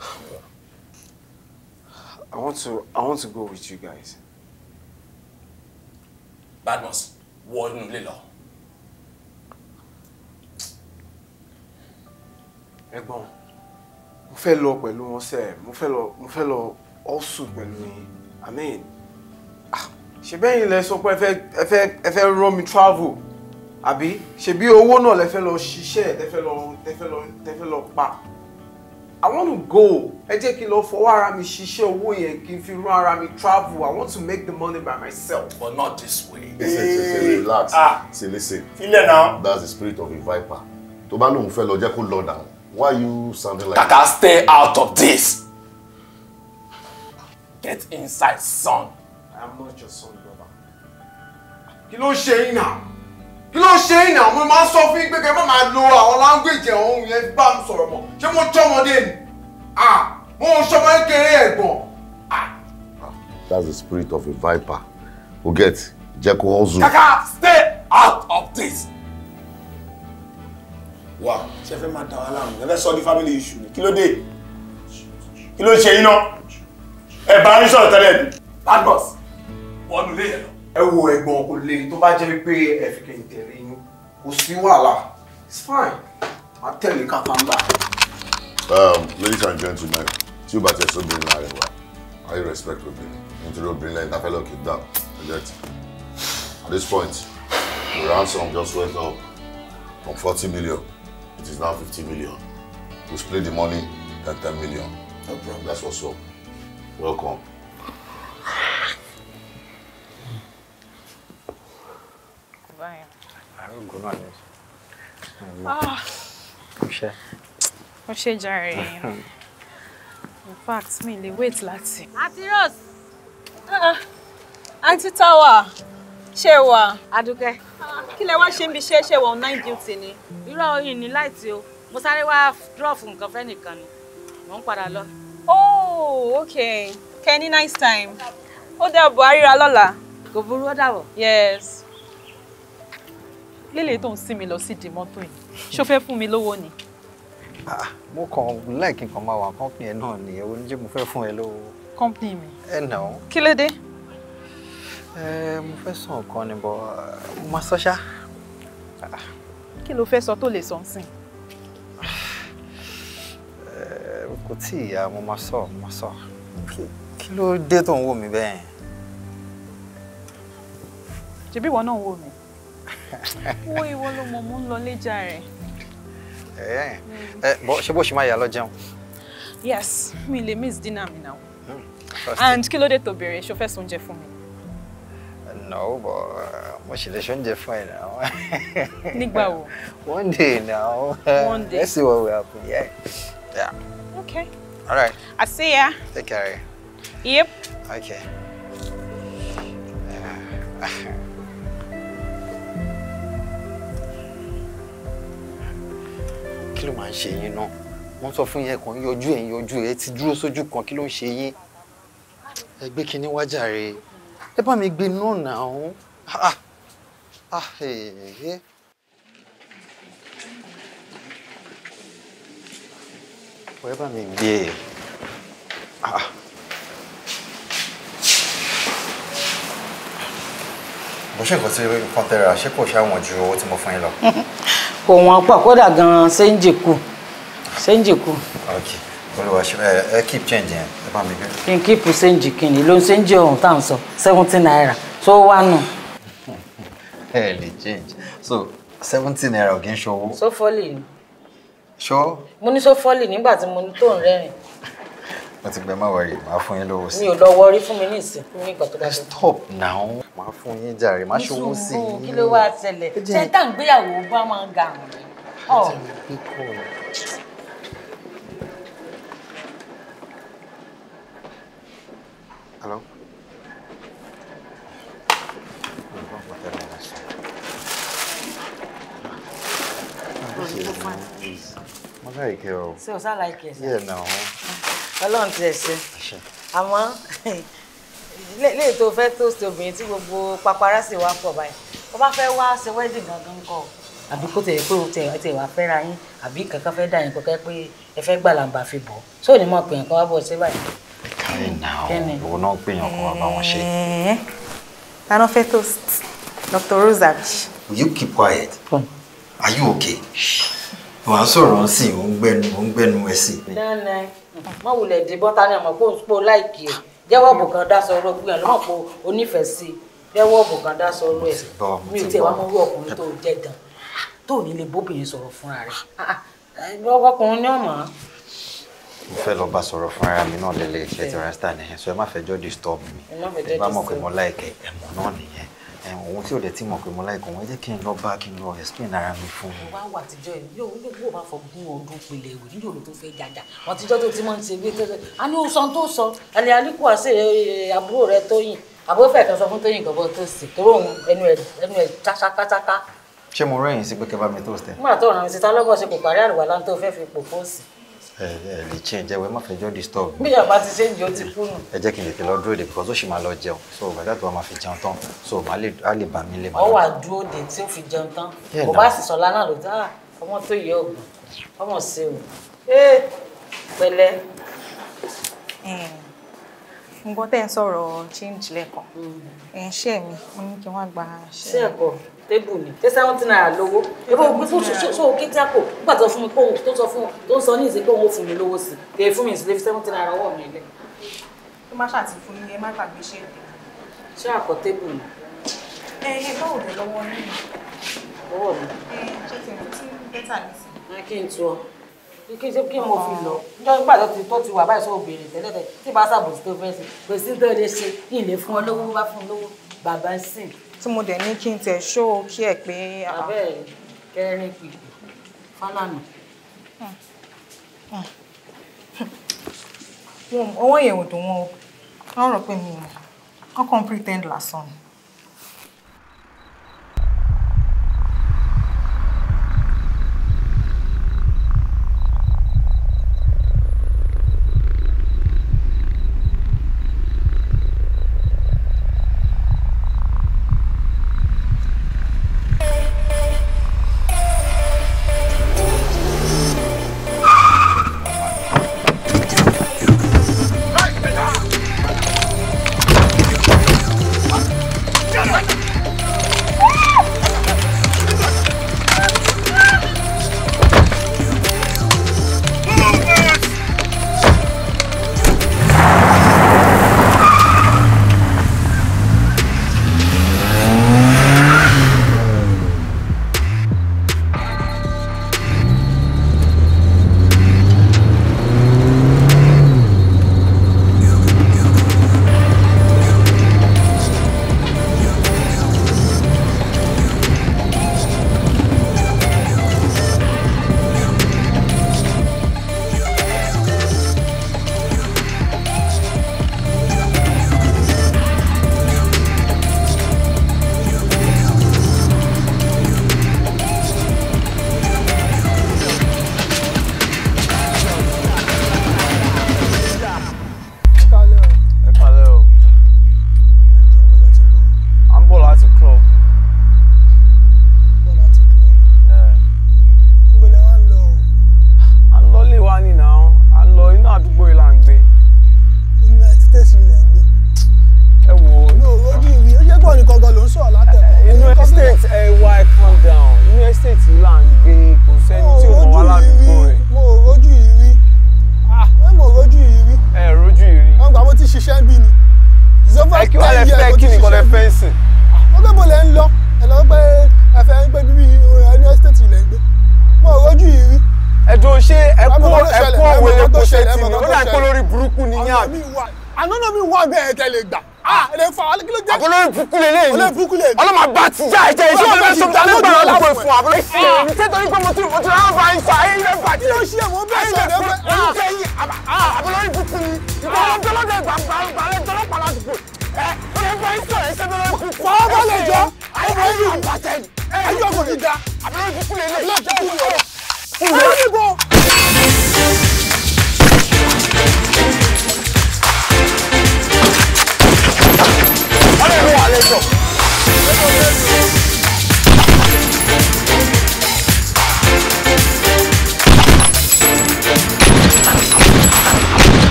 I want to I want to go with you guys. Badmus, wọ inú ilé lọ. Ẹ̀gbọ́n, mo fẹ́ lọ pẹ̀lú wọn sẹ́ẹ̀, mo fẹ́ lọ mo fẹ́ lọ ọ́sùn pẹ̀lú yín. I mean ṣebẹ́yìn lẹ sọ pé ẹ fẹ́ ẹ fẹ́ rán mi travel àbí ṣebí owó náà lẹ fẹ́ lọ ṣiṣẹ́ tẹ fẹ́ lọ pa i want to go ẹ jẹ́ kí n lọ fọwọ́ ara mi ṣiṣẹ́ owó yẹn kí n fi rán ara mi travel i want to make the money by myself. but not this way. listen listen eh. relax ah. say listen. filẹ̀ na. that's the spirit of a viper tó bá lóun fẹ́ lọ jẹ́ kó lọ dà why you sounding like. kàkà stay out of this get inside son am not your son lover. Kí ló ṣe yín náà? Kí ló ṣe yín náà? Mo máa sọ fún yín pé máa lo àwọn láńgbèjì àwọn yẹn bá mi sọ̀rọ̀ mọ̀. Ṣé mo jọ́mọdé ni? Mo ń ṣọmọ kékeré ẹ̀gbọ́n. That's the spirit of a viper. Who get jẹ́ kó hustle. Kaka stay out of this. Wà ṣe fẹ́ máa dà wá Ẹ fẹ́ sọ ní family issue ni. Kí ló dé? Kí ló ṣe yín náà? Ẹ bá ń sọ̀rọ̀ tẹ́lẹ̀ ni. Bad boss wọnú ilé yẹn lọ. ẹ wo ẹ̀gbọ́n kò lè tó bá jẹ́ pé ẹ fi kẹ́yìn tẹ̀lé yín kò sí wàhálà it's fine má tẹ̀lé kápánbà. Um, ladies and gentlemen tí o bá tẹ̀ sóbìnrin láàrin wa I respect obìnrin nítorí obìnrin lẹ́yìn tá fẹ́ lọ kí n dà at this point the ransom just went up from forty million it is now fifty million we split the money ten ten million no problem that's what's up welcome. àárọ̀ ògùn náà ni ṣe. ó in fact me lè wait láti. Auntie Rose ah, ah. àǹtí táwa ṣé wà. Aduke. kí lẹ wá ṣe ń bi ṣe ṣe online duty ni. irọ́ in the láìtì You must sáré wá draw from fẹ́ nìkan ni mò ń oh okay Kenny, nice time ó dẹ̀ buhari ra lọ́la. kò yes lélẹ̀ tó ń sin mi lọ sí di mọ́tò yìí ṣó fẹ́ fún mi lówó ni. Ah, mo kàn láìkí nǹkan máa wà kọ́ńpì ẹ náà ni ẹ̀wọ̀n oníjẹ́ mo fẹ́ fún ẹ lówó. kọ́ńpì mi. ẹ nà ó. kí ló dé. mo fẹ́ sọ nǹkan ni bọ̀ mo máa sọ ṣá. Ah. kí ló fẹ́ sọ tó lè sọ nsìn. Eh, kò tí ìyá mo máa sọ mo máa sọ kí ló dé tó ń wò mí bẹ́ẹ̀. ṣebí ìwọ náà wò mí wo ìwọ ló mọ̀ mú ń lọ léjà rẹ̀. Eh, eh, ṣé bó ṣe máa yà lọ jẹun. yes mi lè miss dinner mi now hmm, and kí ló dé tó béèrè ṣó fẹ́ sóúnjẹ fún mi. no but mo ṣì lè sóúnjẹ fún ẹ náà. nígbà wo. one day now. one day let's see what will happen. Yeah. Yeah. okay. all right. i see ya. take care. yep. okay. Yeah. kí ló máa ń ṣe yín náà wọ́n sọ fún yẹn kan yọjú ẹ̀ yọjú ẹ̀ ti dúró sójú kan kí ló ń ṣe yín ẹ gbé kinní wá jàre ẹ bá mi gbé náà nà ó ẹ bá mi gbé e. bó ṣe kò tí fọ́n tẹ́ra ṣé kò ṣàwọn ju owó tí mo fún yín lọ. kò wọ́n pọ̀ kódà gan-an ṣéǹjì kù ṣéǹjì kù. olùwàṣọ ẹ keep change yẹn ẹ bá mi gbé. kí n keep ṣéǹjì kìnnì ló ń ṣéǹjì ọ̀hún tá à ń sọ seventeen naira tó wà nù. ẹ lè change so seventeen naira ò kí ń ṣòwò. sófólì ni. ṣó. mo ní sófólì nígbà tí mo ní tó ń rẹ́rìn mo ti gbẹ má wọrí màá fún yín lówó sí. mi ò lọ wọrí fún mi ní ìsìn ní ìgbà tó bá dé. stop now màá fún yín jàre má ṣòwò sí i. kí ló wá tẹ́lẹ̀ ṣé tá à ń gbéyàwó bá máa ń ga àwọn. Hello? I like you. So, I like it. Yeah, no. Ọlọ́run ti ẹ ṣe àmọ́ léè tó fẹ́ toast obìnrin tí gbogbo paparazzi wá pọ̀ báyìí tó bá fẹ́ wá ṣe wedding gangan kọ́ àbí kó tẹ̀ pé o tẹ̀ tẹ̀ wá fẹ́ra yín àbí kankan fẹ́ dà yín kankan pé ẹ fẹ́ gbà làǹbà fi bọ̀ ṣé ò ní mọ̀ pé nǹkan wá bọ̀ ṣé báyìí. káyìn náà òun náà pè yàn kó wá bá wọn ṣe. lana fẹ́ toast Dr. Rose Will you keep quiet? Are you okay? wàá sọ̀rọ̀ ń sìn òun gbẹnu òun gbẹnu ẹ̀ sí. mọ wulẹ̀ di bọ́tà ni àmọ́ kó o pò láìkì ẹ̀ jẹ́wọ́ bùkàn dá sọ̀rọ̀ gbé ẹ̀ lọ́mọ̀ pò onífẹ̀ẹ́ sí jẹ́wọ́ bùkàn dá sọ̀rọ̀ ẹ̀ mi ò tiẹ̀ wá mọ irú ọkùnrin tó jẹ́ gan tó ní lè bóbìnrin sọ̀rọ̀ fúnra rẹ̀ ah, ah, ọkùnrin ni ọmọ. mo fẹ́ lọ bá sọ̀rọ̀ fúnra mi náà lélẹ̀ ṣe ti rasta nìyẹn so ẹ má fẹjọ́ disturb mi ẹ bá mọ̀ pé mo láìkẹ́ ẹ̀mọ́ náà nìyẹn òun tí ò dẹ̀ tí mọ̀ pé mo láìkọ̀ wọ́n jẹ́ kí n lọ bá kí n lọ explain ara mi fún un. wá wà àtijọ́ ẹ̀ yóò yóò bá fọgbọ́n ọdún pilẹ̀ ìwé nílò ló tó fẹ́ jàjà wọ́n àtijọ́ tó ti máa ń ṣe bí tẹ́lẹ̀ a ní òsàn tó sọ ẹni alikú àṣẹ àbúrò rẹ Tóyìn àbúrò fẹ̀ kan sọ fún Tóyìn gbọ̀ngàn tó sì tó ròhun ẹnu ẹ̀ ṣáṣákáṣáká. ṣé mo rẹ́yìn sí pé kẹ́ bá mi tó sẹ̀ ẹ lè change ẹ wẹ má fẹjọ disturb mi. bí yàrá ti change ó ti kú nù. ẹ jẹ́ kí n lè tẹ̀lé ọdún òde because ó sì máa lọ jẹun so bàtà tó wà máa fi jẹun tán so màá lè á lè bà mí lè máa. ọwọ́ àdúró òde tí ó fi jẹun tán kò bá sì sọ̀lá náà ló dáa ah, ọmọ tó yẹ ògùn ọmọ sí o ee pẹ̀lẹ́. ǹgbọ́n tẹ́ ń sọ̀rọ̀ change lẹ́kọ̀ọ́ mm. ẹ̀ ń ṣe mi mo ní kí wọ́n gba ṣe ẹ̀kọ́ tébù ni ṣé seventy naira lówó ebo gbogbo ṣòwò kíntàkó nígbà tó fún mi pé òun tó sọ fún tó ń sọ ní ìsìn pé òun ó fún mi lówó sí i kì í fún mi ìsìn lé fi seventy naira ọwọ́ mi lẹ̀. ó má ṣàti fún mi ẹ má gbàgbé ṣé èdè. ṣé àkọ tébù ni. ẹ ẹ báwo lè lọ́wọ́ nínú. ọwọ́ mi. ẹ ṣe ti rìn tí bẹ́tà mi sí. ẹ kí n tu ọ kí ṣe kí mo fi lọ níjọ́ nígbà tó ti tó ti wà báyìí sọ́wọ́ béèrè tẹ́lẹ̀ tí bá ṣàbòsí tó fẹ́ ṣe gbèsè tó lè ṣe kí n lè fún ọ lówó bá fún ọ lówó bàbá sìn tí mo dẹ̀ ní kí n tẹ̀ ṣó kí ẹ̀ pé. abẹ́ kẹrin pìpì fálànà. owó yẹn ò dùn wọn o wọ́n rò pé mi ò wọ́n kàn pretend lásán ni.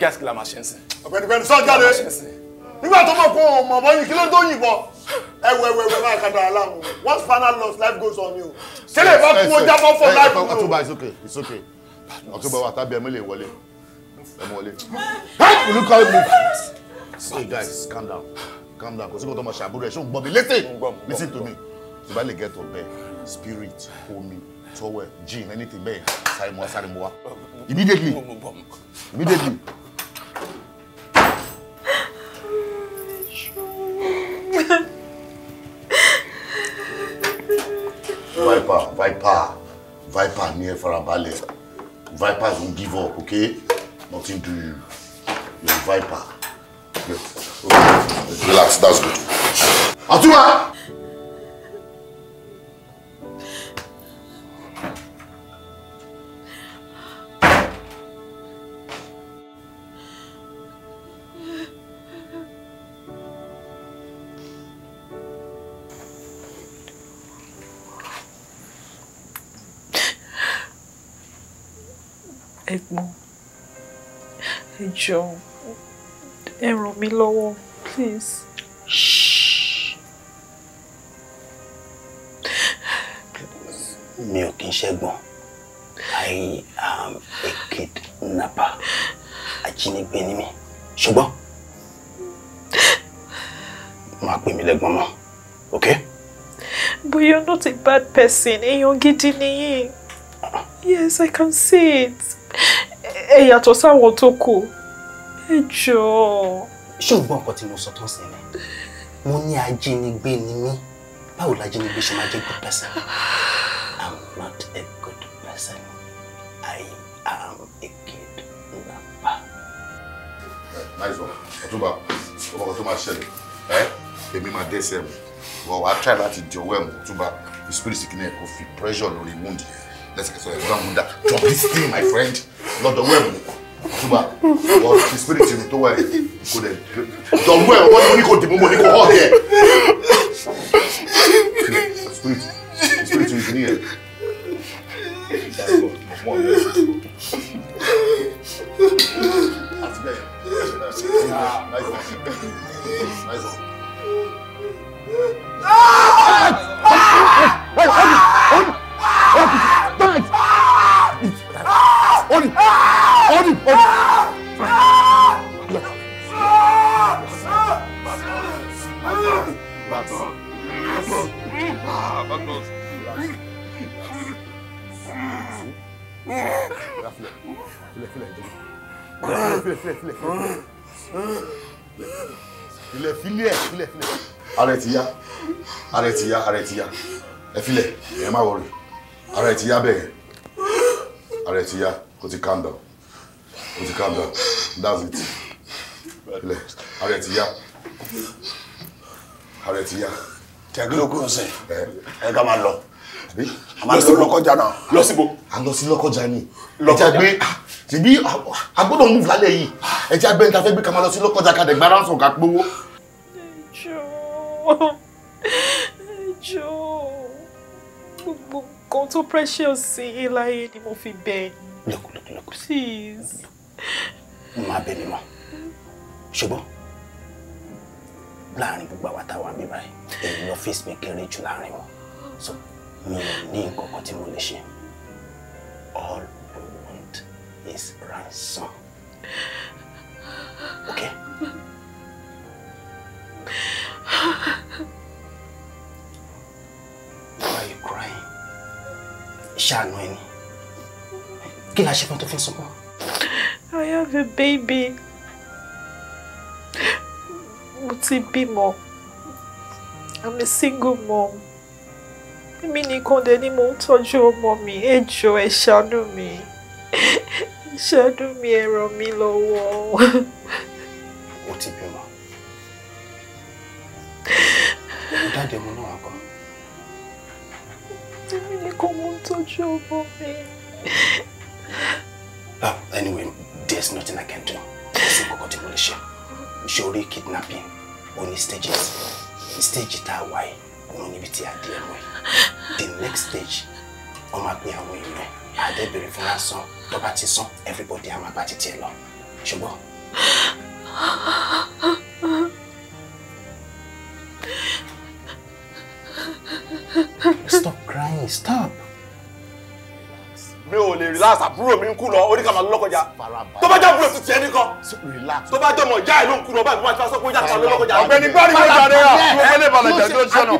gáàsì la máa ṣe ọ̀gbẹ́ni pẹ̀lú sọ jáde nígbà tó mọ̀ kó o mọ̀ bọ́yìn kí ló tó yìnbọn ẹwẹ ẹwẹ ẹwẹ máa kàdà aláàmú once final loss life goes on you ṣẹlẹ̀ ìbá kú o jábọ́ fún life o. ọtúbà it's okay it's okay ọtúbà wa tábí ẹmí lè wọlé ẹmí wọlé. olú kọ́ mi. hey guys calm down calm down kò sí kò tó ma ṣàbúrò ẹ̀ ṣé o ń gbọ́ mi listen listen to me tí o lè get up spirit omi towel gin anything bẹ́ẹ̀ sáré mu wá sáré mu wá immediately immediately. yẹn farabalẹ̀ vipers don give up okay nothing do you you're a viper okay. okay relax that's good. àtúwà. jọ ẹ ràn mí lọ́wọ́ please. mi ò kí ń ṣẹ́gbọ̀n I am a kidnapper ajínigbé ni mi ṣùgbọ́n máa pè mí lẹ́gbọ́n mọ́ ok. but you're not a bad person èèyàn gidi nìyí ah. yes I can see it ẹ yàtọ̀ sáwọn tó kù ẹ jọ̀ọ́. ṣé o gbọ́ ọkọ tí mo sọ tán sí mi mo ní ajínigbé ni mí báwo la ajínigbé ṣe máa jẹ́ good person i'm not a good person i am a good number. nice one ọtúnba ọmọkàn tó máa ṣẹlẹ̀ ẹ èmi máa dẹ́sẹ̀ mu wọ́n wàá try láti di owó ẹ̀ mọ̀ ọtúnba the spirit sickness kò fi pressure lórí wound yẹn lẹ́sẹ̀kẹsẹ̀ ẹ̀ wọ́n á mú dà drop this thing my friend lọ́dọ̀ owó ẹ̀ Tuba, wọ́n ti spirit mi tó wà yìí kò dẹ̀ dọ̀gbọ́ ẹ̀ wọ́n ní kò dìbò mo ní kò hàn yẹ. Spirit spirit mi ti ní yẹn. Ah! Ah! Ah! Ah! Ah! Ah! ọdún ọdún. Filẹ filẹ filẹ filẹ filẹ filẹ filẹ filẹ filẹ. Ara ẹ ti ya, ara ẹ ti ya, ara ẹ ti ya. Ẹ filẹ̀, ẹ má wọrí. Ara ẹ ti ya bẹ́ẹ̀. Ara ẹ ti ya, kò ti calm down o ti calm down that's it ilẹ̀ ara ẹ̀ ti yá ara ẹ̀ ti yá. tẹ̀gílógún I'm ẹ ká I'm lọ a máa lọ lọ́kọjà náà. lọ síbo. a lọ sí lọ́kọjà ni ẹja gbé tìbí a gbọ́dọ̀ mú ìfúlálẹ̀ yìí ẹja gbé níta fẹ́ gbé ká máa lọ sí lọ́kọjà ká dẹ̀gbára sọ̀ ká gbowó. ẹjọ́ ẹjọ́ gbogbo nǹkan tó precious sí i láyé ni mo fi bẹ̀ ẹ́. lọ́kùlọ́kùlọ́kù. please mo máa bẹ mi mọ ṣùgbọ́n láàrin gbogbo àwa tá a wà bíbá yìí èyí lọ fèsì mi kéré jù láàrin wọn so mi ò ní nǹkan kan tí mo lè ṣe all we want is ransom okay. Why you crying? Ṣàánú ẹni. Kí la ṣe fún tó fi ń I have a baby. Mo ti I'm a single mom. Èmi ni konde ni mo ń tọ́jú ọmọ mi. Ẹ jọ̀ọ́ ẹ ṣàánú mi. Ẹ ṣàánú mi ẹ ràn mí lọ́wọ́. Mo ti bímọ. Dáde mo náà mo ń tọ́jú mi ah anyway there's nothing I can do sí kòkó tí mo lè ṣe ṣorí kidnapping Only stages stage tá a wáyé òun níbi tí a the next stage I'm wọ́n máa pín àwọn èèyàn àdébẹ̀rẹ̀ fún lásán song, bá ti song. everybody I'm about to títí ẹ lọ ṣùgbọ́n. Stop crying, stop mi ò lè relax àbúrò mi ń kú lọ oníkà máa lọ́kọjà tó bá jẹ́ àbúrò ti tiẹ̀ nìkan tó bá jẹ́ ọmọ ìjà ẹ̀ ló ń kú lọ báyìí bí wọ́n ti fẹ́ sọ pé ìjà kan lọ́kọjà. ọ̀gbẹ́ni bẹ́ẹ̀ni mo jà náírà mo fẹ́ lè balẹ̀ jẹ́ tó jẹ́ náà.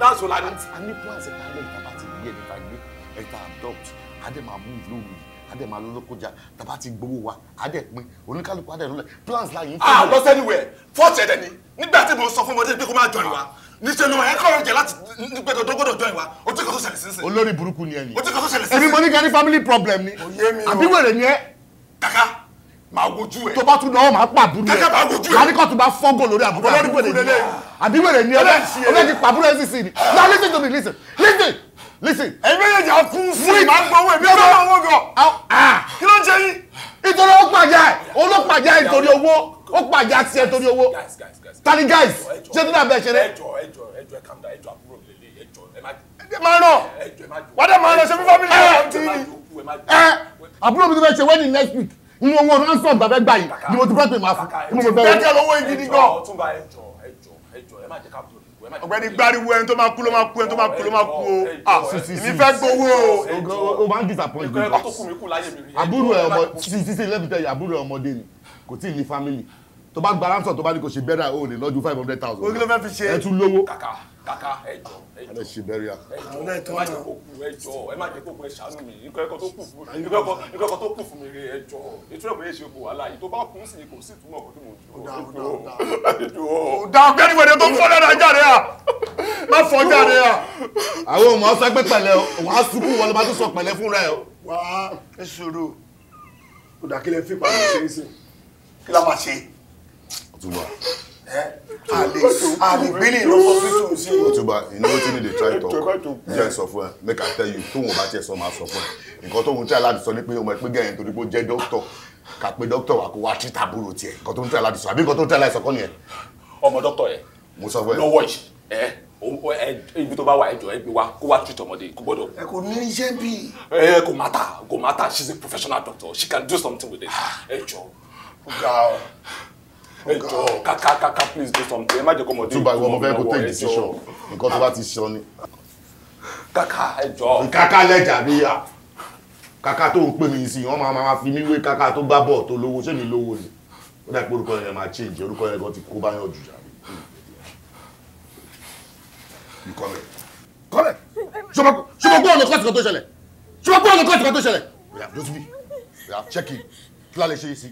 that's all i need. a ní plans ẹ̀ka alẹ́ ìta bá ti yé ẹ̀ka gbé ẹ̀ka adopt adé máa mú ìlú mi adé máa lọ́kọjà tàbá ti gbowó wa adé pin oníkálukú adé lọ́lẹ̀ plans láyé ń ah, fẹ́ níṣẹ́ ni wàá kọ̀rọ̀ jẹ́ láti nígbà tó gbọ́dọ̀ jọ ìwà o ti kọ́ tó ṣẹlẹ̀ sínsìn. olórí burúkú ni ẹni. o ti kọ́ tó ṣẹlẹ̀ sínsìn. èmi mo ní gani family problem ni. òye mi o àbí wèrè ni ẹ. kàkà màá wojú ẹ. tó bá tún náwó màá pàbúrò ẹ. kàkà màá wojú ẹ. wàá ní kó tún bá fọ́gò lórí àbúrò àbí wèrè ni ẹ. ọlọ́run ti pàbúrò ẹ sì sí ni. now listen to me listen listen listen. ẹ̀yin méjèèjì á kún fún mi. máa gbọ́ owó èmi ọlọ́run owó gan. kí ló ń ṣe yín. ìtọ́lọ́wọ́ pàjá ẹ̀ olópàjá ìtòrí owó ó pàjẹ́ àti ẹ̀ torí owó tani guys ṣé tó dàbẹ̀ ṣe rẹ. ẹjọ ẹjọ ẹjọ ẹ kàmdà ẹjọ àbúrò mi lè ẹjọ ẹ má jù. ẹ máa ràn wọ́n dẹ̀ máa ràn ṣe fún family ẹ̀ ti ní. ẹ àbúrò mi tó fẹ́ ṣe wedding next week inú owó ransom gbàgbẹ́ gbà yìí ni mo ti bẹ́ẹ̀ pè máa fún ni mo bẹ́ẹ̀. bẹ́ẹ̀ lọ́wọ́ igi ni gan. ọ̀gbẹ́ni gbariwo ẹni tó máa kú ló máa kú ẹni tó máa kú ló máa kú o èmi ah, fẹ́ gbowó o. o máa ń disappoint me. àbúrò ẹ ọmọ sísè lẹ́bi tẹ̀yà àbúrò ẹ ọmọdé ni kò tí ì ní family tó bá gba ransom tó bá ní kò ṣe bẹ́rẹ̀ o lè lọ́jú five hundred thousand. o kí ló fẹ́ fi ṣe ẹ tún lówó. kàkà kàkà ẹjọ ẹjọ ẹ ṣe bẹ́rẹ̀ ẹjọ ẹ má jẹ́ kó kú ẹjọ ẹ má jẹ́ kó kú ẹ ṣàánú mi nǹkan ẹ̀kọ́ tó kù fún mi nǹkan ẹ̀kọ́ tó kù fún mi rè ẹjọ ètò ẹ̀kọ́ yẹn ṣe kó wàhálà yìí tó bá kún sí ni kò sí ìtumọ̀ ọkọ̀ tó mọ̀ ojú. dàgbẹ́ ni wẹ̀dẹ̀ tó ń fọ́ dáadáa jáde à má fọ́ jáde à. àwọn ọmọ ọsẹ pé pẹ̀lẹ́ wàá sunkún wọn ló bá tún sọ pẹ̀lẹ́ fúnra ẹ. wàá ẹ ṣòro kò dà kí lè fi pàdé ṣe é sí kí lè má ṣe é. Otuba. Eh? Ali, Ali, Billy, no hospital see. Otuba, you know wetin dey try talk. Jẹ́ sọ fún ẹ, make I tell you, tóun bá tiẹ̀ sọ máa sọ fún ẹ. Nǹkan tóun tí aláàdì sọ ni pé ọmọ ẹgbẹ́ gẹ̀yìn torí pé ó jẹ́ dókítọ̀. Kà pé dókítọ̀ wa kó wá tí tàbúrò tiẹ̀. Nǹkan tóun tí aláàdì sọ, àbí nǹkan tóun tí aláàdì sọ kọ́ nìyẹn. Ọmọ dókítọ̀ yẹn. Mo sọ fún ẹ. Lọ́wọ́ yìí, ẹ ibi tó bá wà ẹjọ ẹgbẹ wa kó wá treat ọmọdé kó gbọ́dọ̀. ẹ kò ní iṣẹ́ bí. ẹ eh, eh, kò má ta kò má ta she is a professional doctor she can do something with it. Ah. ẹjọ. ó ga ọ. Oh, kaka, Kaka, please do something ẹ má jẹ́ kó mọ̀ tí ìtumọ̀ ìwọ ọmọ fẹ́ kó take decision Kaka, tó Kaka, ti sọ ni. Kaka, ẹ jọ. kàkà lẹ́jà bí i kàkà tó ń pè mí sí wọn máa máa fi mí wé kàkà tó gbá bọ̀ tó lówó ṣé mi lówó ni ó dà pé orúkọ yẹn máa change orúkọ yẹn kan ti kó báyọ̀ jù jà mí. kọ́lẹ̀ kọ́lẹ̀ ṣọmọ gbọ́ ọ̀nà kọ́ọ̀tù kan tó ṣẹlẹ̀ ṣọmọ gbọ́ ọ̀nà kọ́ọ̀tù tó ṣẹlẹ̀. check it kí lálẹ́ ṣe é sí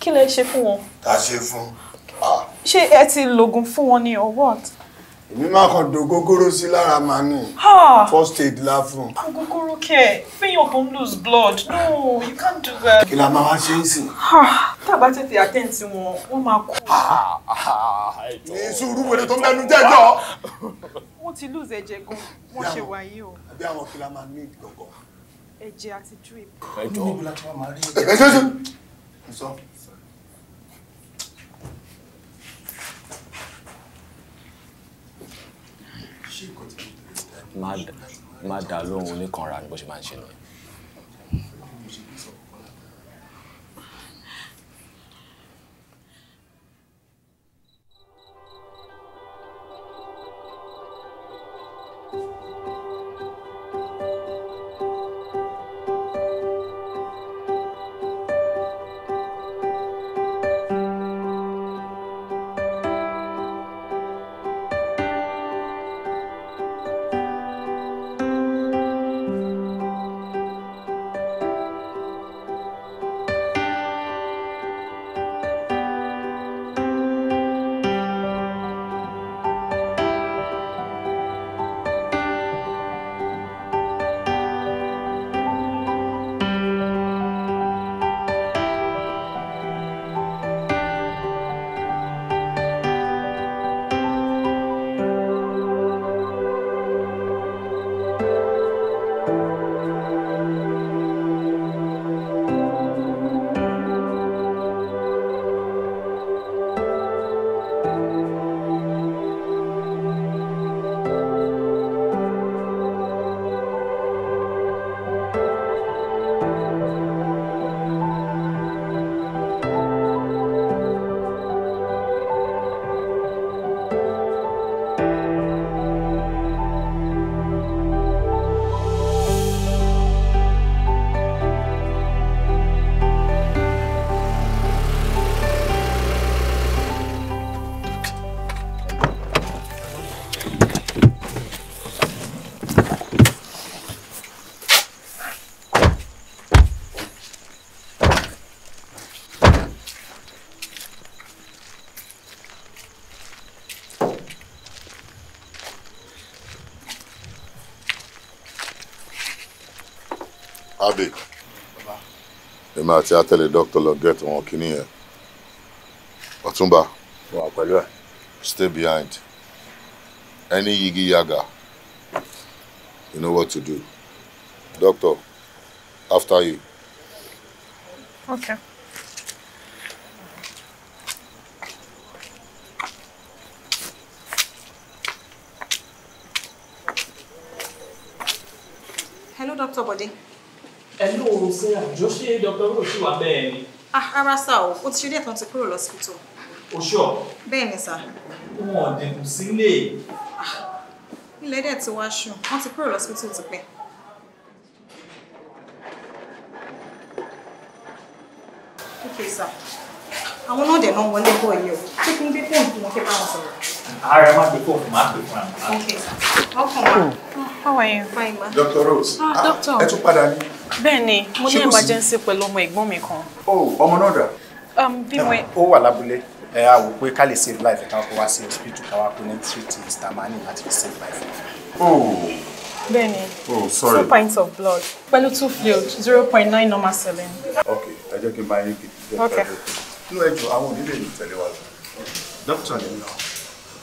kí lẹ ṣe fún wọn. ta ṣe fún. ṣé ẹ ti lògùn fún wọn ni or what. èmi máa kàn do gógóró sí lára màá ní. first aid la fún. Ah, gógóró kẹ fíyàn bó ń lose blood no you can't do that. kí la máa wá ṣe é sìn. tàbá tètè attend sí wọn wọn máa kú. ní sùúrù wèrè tó mẹnu jẹjọ. wọ́n ti lose ẹ̀jẹ̀ gan wọ́n ṣe wáyé o. àbí àwọn kí la máa ní gangan. ẹ̀jẹ̀ àti drip. ẹ̀jọ̀ ẹ̀jọ̀ ẹ̀jọ̀ sọ. má dá lóhun oníkanra ni bó ṣe máa ń ṣe nù. thank you èmi àti atẹlẹ dókítà lọ gẹẹtì wọn kìíní yẹn ọtúnba wà pẹ̀lú ẹ stay behind any yigi yaga you know what to do doctor after you. okay. Sarah jọ Dr. Rose ṣì wà bẹ́ẹ̀ ni. Ah rárá sá o, ó ti ṣe díẹ̀ tán ti kúrò lọ́sibítù. O ṣọ. Bẹ́ẹ̀ ni sá. Wọn ò dìbò sílé. Ah, ilẹ̀ dẹ̀ ti wá ṣù, wọ́n ti kúrò lọ́sibítù ti pẹ́. Okay sá, àwọn náà dẹ̀ náà wọlé bọ̀ yìí o, ṣé kí n gbé fóònù fún wọn kí bá wọn sọ̀rọ̀? Ara má gbé fóònù, má gbé fún àwọn. Okay sá, welcome oh, How are you? Fine ma. Dr. Rose, ah, ẹ tún padà ní bẹ́ẹ̀ni mo ní emergency pẹ̀lú ọmọ ẹ̀gbọ́n mi kan. o ọmọ náà dà. Um, bímọ ẹ. ó wà lábúlé ẹ á wò pé ká lè save life ká kó wá sí hospital ká wá kó ní treat mr mani láti fi save life. bẹ́ẹ̀ni two pints of blood pẹ̀lú two fluid zero point nine normal saline. ok ẹ jẹ́ kí n máa yín kí n jẹ́ pẹ̀lú inú ẹ̀jọ̀ àwọn onílé ìlú tẹ̀lé wa lọ. dókítà ni mi náà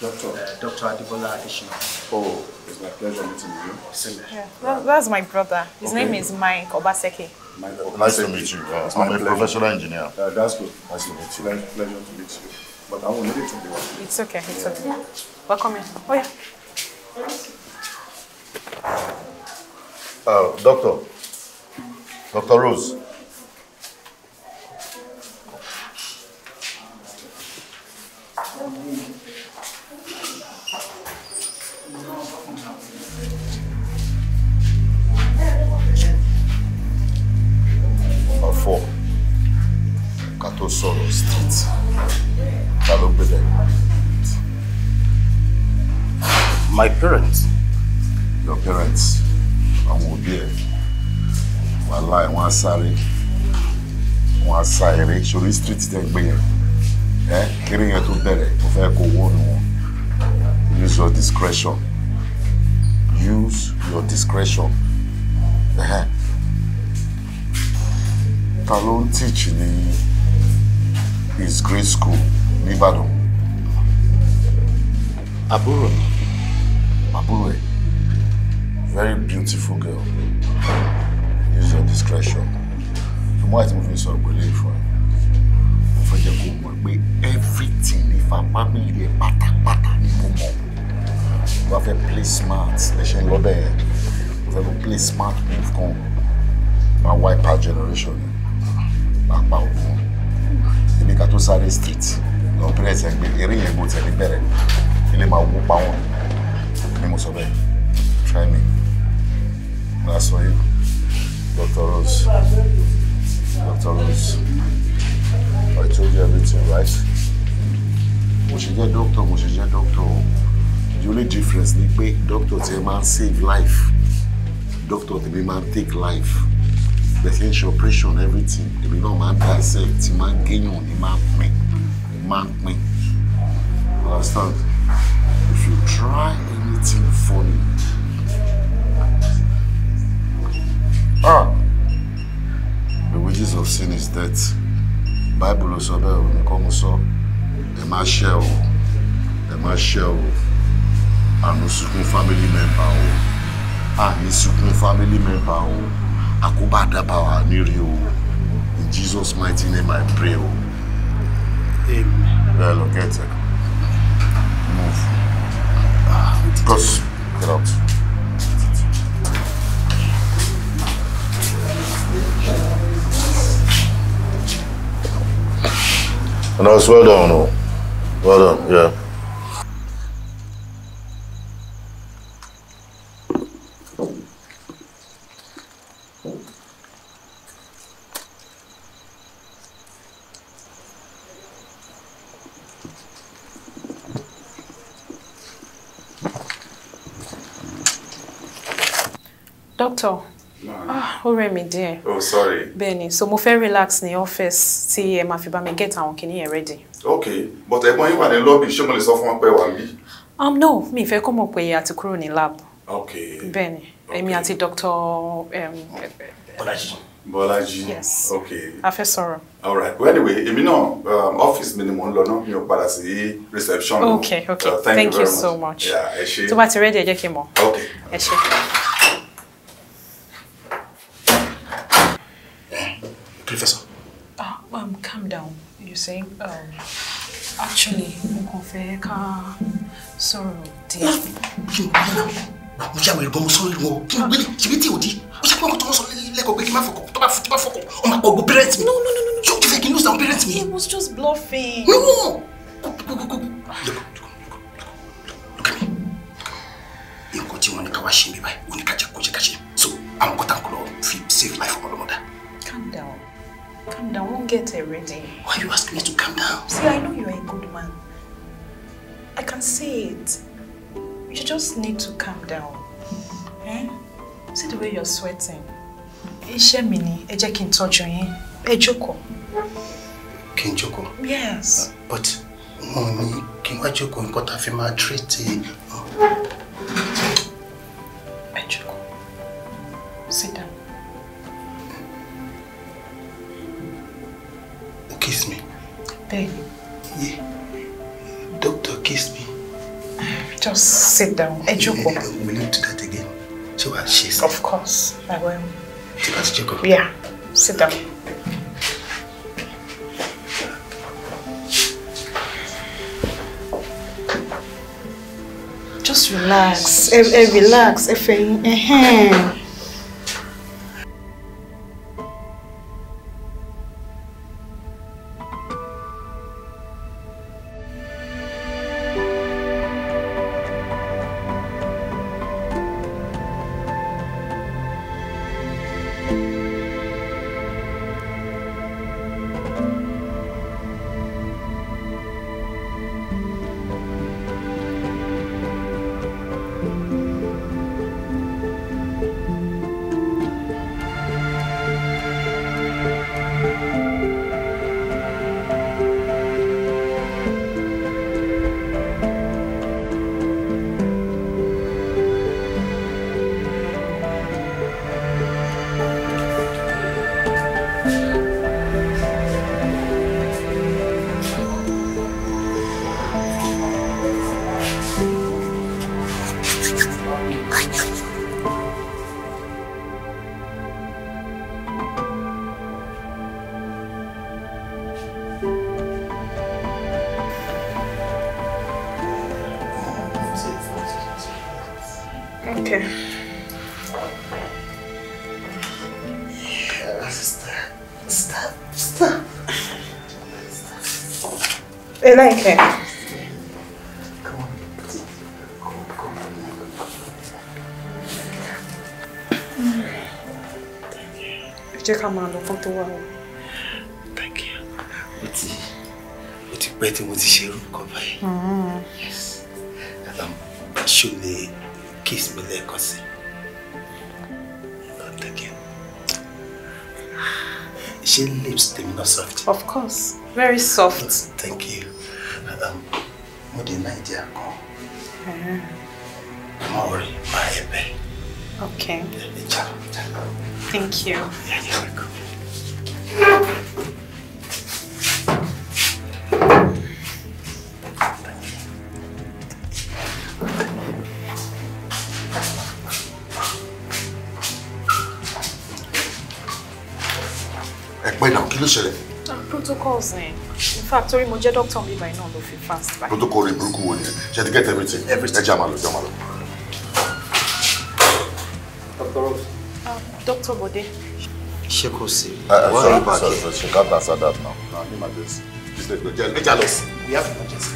dókítà dókítà My pleasure meeting you. Yeah, that's my brother. His okay. name is Mike Obaseke. Mike Obaseki. Nice to meet you. Uh, I'm a professional engineer. Uh, that's good. Nice to meet you. Pleasure, pleasure to meet you. But I will need it to be one. It's okay. It's yeah. okay. Yeah. Welcome in. Oh, yeah. Uh, doctor. Dr. Rose. Mm -hmm. kò sọ̀rọ̀ streets, ta ló gbé my parents. your parents I'm òbí ẹ̀ wàhálà ẹ̀ wọ́n á sáré wọ́n á sá eré sórí street tẹ́ gbé yẹn ẹ kéré yẹn tó bẹ̀rẹ̀ one, fẹ́ use your discretion use your discretion. Eh? -huh. ta ló ń is grade school nìbàdàn. àbúrò mi. àbúrò ẹ very beautiful girl use your discretion ìmọ̀ àti mo fi sọ̀rọ̀ pẹ̀lú ìfọ̀ ẹ̀ mo fẹ́ jẹ́ kó mọ̀ pé everything nípa family ẹ̀ pátápátá ni mo mọ̀ mo bá fẹ́ play smart lẹ́sẹ̀ lọ́bẹ̀ ẹ̀ mo fẹ́ play smart move kan máa wipe out generation ni máa pa òun àbí ká tó sáré street lọ bẹ̀rẹ̀ ẹ̀sẹ̀ gbé eré yẹn gbòó tẹ̀lé bẹ̀rẹ̀ ilé máa wó pa wọn ni mo sọ bẹ́ẹ̀ try me na sọ you, Doctor Rose Doctor Rose I told you everything right mo ṣe jẹ́ doctor mo ṣe jẹ́ doctor the only difference ni pé doctor ti máa save life doctor ti máa take life bẹ̀sẹ̀ ń ṣe operation everything èmi náà máa ń dá ẹsẹ̀ tí máa ń géyàn ní máa ń pin máa pin you understand if you try anything funny ah the wages of sin is death bible ló sọ bẹ́ẹ̀ òun kọ́ mo sọ ẹ má ṣe o ẹ má ṣe o àmì sunkún family member o àmì sunkún family member o àkóbá àdábàwà nírí o in Jesus mighty name I pray o. Oh. amen. bẹ́ẹ̀ get it. move ah cross get out. And I was well done, oh. Well done, yeah. doctor ah, ó rẹ̀ mí díẹ̀. oh sorry. bẹ́ẹ̀ni so mo fẹ́ relax ní office tí ẹ máa fi bá mi get àwọn kìnìún yẹn ready. ok but ẹ̀gbọ́n yín wà ní lobby ṣé mo lè sọ fún wọn pé wà níbí. um no mi ì fẹ́ kọ́ mọ̀ pé a ti kúrò ní lab. ok bẹ́ẹ̀ni èmi àti doctor. bọ́lájì. Um, bọ́lájì yes ok. a fẹ́ sọ̀rọ̀. all right well anyway èmi náà um, office mi ni mò ń lọ náà mi ò padà sí reception. ok ok thank, you, so much. ẹ ṣé tó bá ti ready ẹ jẹ́ kí n mọ̀. ok ẹ ṣé. Professor. Ah, um, calm down. You're saying, um, actually, Mokonfe ka sorrow dear. Mo ya wẹ̀rẹ̀ bọ́mọ sọ́rọ̀ ìwọ̀n kí n gbélé ṣèbí tí ò di. Ó ṣe pé ọkọ̀ tó wọ́n sọ lẹ́kọ̀ọ́ pé kí n má fọkọ̀ tó bá tó bá fọkọ̀ ọ máa gbogbo parents mi. No no no no no. Yóò ti fẹ́ kí n lose àwọn parents mi. He was just bluffing. No. Look look at me. Nǹkan tí wọ́n ní ká wá ṣe mi báyìí, ó ní ká jẹ́ kó ṣe ká ṣe. So àwọn kọ́tà kọ́ lọ fi save life ọmọlọ́mọdá. Calm down. Calm down, won't get it ready. Why are you asking me to calm down? See, I know you are a good man. I can see it. You just need to calm down. Eh? See the way you're sweating. Iṣẹ́ mi eje ẹ jẹ́ kí n tọ́jú yín. Ẹ Yes. Uh, but mo ní kí n wá jókòó nǹkan tá a fi máa treat ẹ. Sit down. kiss me. Baby. Yeah. Doctor kiss me. Just sit down. Eh, eh, Ejuko. Yeah, we need to that again. Uh, she was she's. Of course. I will. Ejuko. Yeah. Sit down. Okay. Just relax. Eh, eh, relax. Eh, eh, eh. ó ti ó ti pẹ́ tí mo ti ṣe irú báyìí mm-hmm. yes and i'm ṣó lè kiss mi lẹ́ẹ̀kan sí not again ṣé lips tèmi not soft. of course very soft. thank you um, mo dé nàìjíríà kan mo rí máa yẹ bẹ́ẹ̀. okay. thank you. Yeah, yeah. ló ṣẹlẹ̀. Um, protocols ni in fact torí mo jẹ́ doctor mi báyìí náà ló fi fast báyìí. protocol rẹ̀ burúkú wo ni had to get everything everything ẹ jẹ́ àmàlò jẹ́ àmàlò. Dr. Rose. Um, Dr. Bode. Ṣé kò sí? Wọ́n rí bàjẹ́. Sorry, sorry, sorry, she can't answer that now. No, emergency. She said, we have emergency.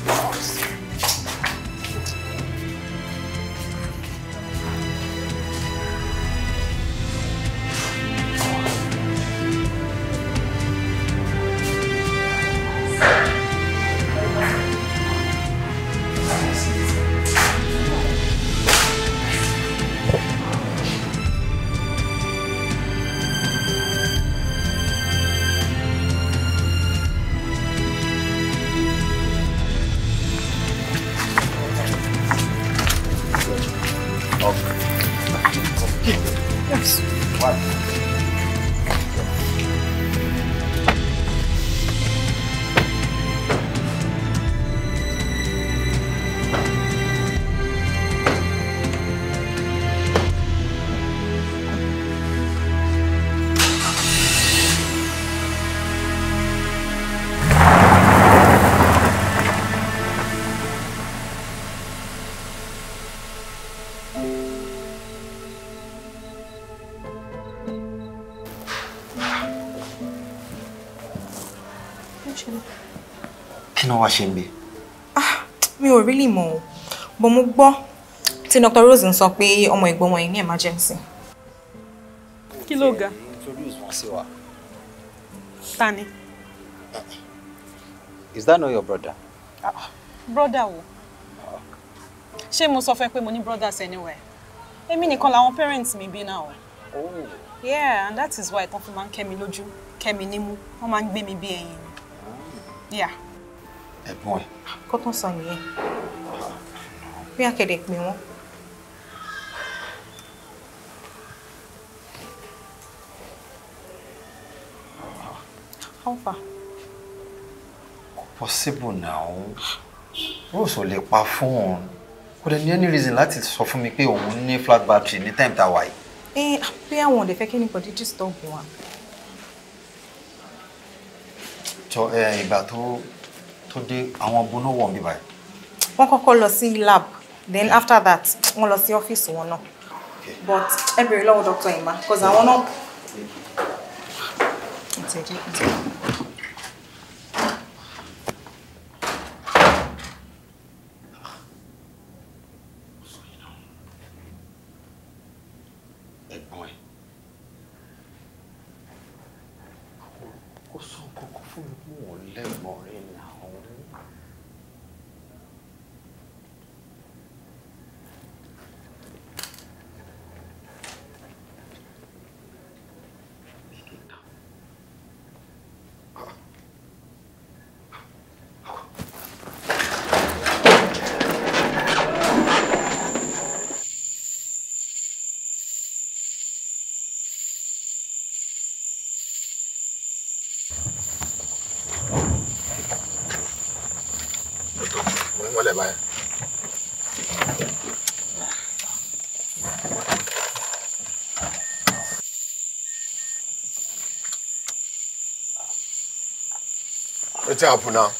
wá ṣe ń bẹ. ah mi ò rí lè mọ̀ mo gbọ́ tí Dr. Rose ń sọ pé ọmọ ẹ̀gbọ́n wọn yìí ní emergency. kí ló ga. ta is that not your brother. Ah. brother wo ṣé mo sọ fẹ́ pé mo ní brothers anywhere èmi nìkan làwọn parents mi bí náà. Oh. yeah and that is why tán fún máa ń kẹ́ mi lójú kẹ́ mi nímú wọ́n máa ń gbé mi bí ẹyin. Ah. yeah ẹ̀gbọ́n ẹ̀. kọ́tàn sọ nìyẹn bí akẹ́dẹ̀ pè wọ́n. how possible now rose ò lè pa fún òun kò dẹ̀ ní any reason láti sọ fún mi pé òun ní flat battery ní time tá a wà yìí. ẹ bí àwọn ò lè fẹ́ kí anybody disturb wọn. jọ ìgbà tó tó dé àwọn bono wọ̀ níbí báyìí. wọ́n kọ́kọ́ lọ sí lab then after that wọ́n lọ sí ọ́fíìsì wọn náà but ẹ bèrè lọ́wọ́ dr emma cause àwọn náà. wetin happen now.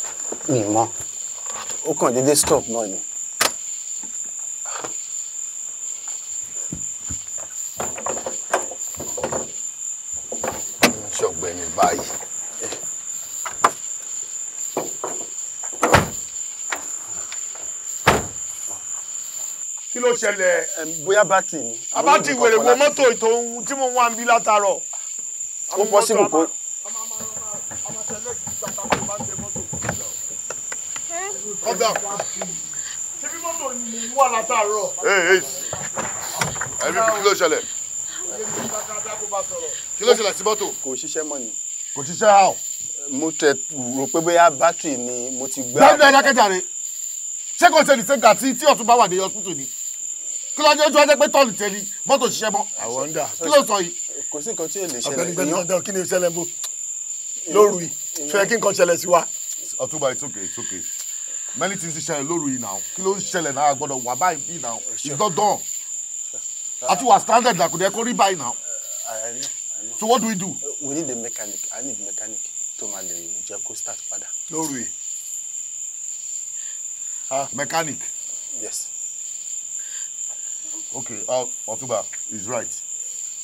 mi mọ ó kàn déédéé stop náà ni. ṣọ̀gbẹ́ni báyìí. kí ló ṣẹlẹ̀. bóyá bátì ni. abátì wèrè wo mọ́tò ìtòhun tí mo wá ń bí látàárọ̀. ó pọ́sibù kó kọ́dà. ṣé bí mọ́tò ni mo wà látàárọ̀. ẹbí kí ló ṣẹlẹ̀. kí ló ṣẹlẹ̀ sí mọ́tò. kò ṣiṣẹ́ mọ́ ni. kò ṣiṣẹ́ how. mo tẹ rò pé bóyá bátìrì ni mo ti gbá. bẹ́ẹ̀ ni adákẹ́jà rẹ̀ ṣé kò ṣe ní ṣéǹkà tí tí ọ̀tún bá wà ní hospital ni kí ló dé ojú ọjọ́ pé tọ́ọ̀lù tẹ̀lé mọ́tò ṣiṣẹ́ mọ́. àwọn kí ló sọ yìí. kò sí nǹkan tí ò lè ṣẹlẹ̀. ọ̀gbẹ́ni gbẹ́ni ọ̀dọ́ kí ni ìṣẹ̀lẹ̀ ń bọ̀ fẹ́ kí nǹkan ṣẹlẹ̀ sí wa. ọtúbà it's okay many things ti ṣẹlẹ̀ lóru yìí náà kí ló ń ṣẹlẹ̀ náà gbọ́dọ̀ wà báyìí bí náà ìdọ́dán àti wà standard náà kò dé kó rí báyìí now? so what do we do. we need a mechanic i need a mechanic to máa lè jẹ kó start padà. lóru yìí ah mechanic. yes. okay Uh, uh, is right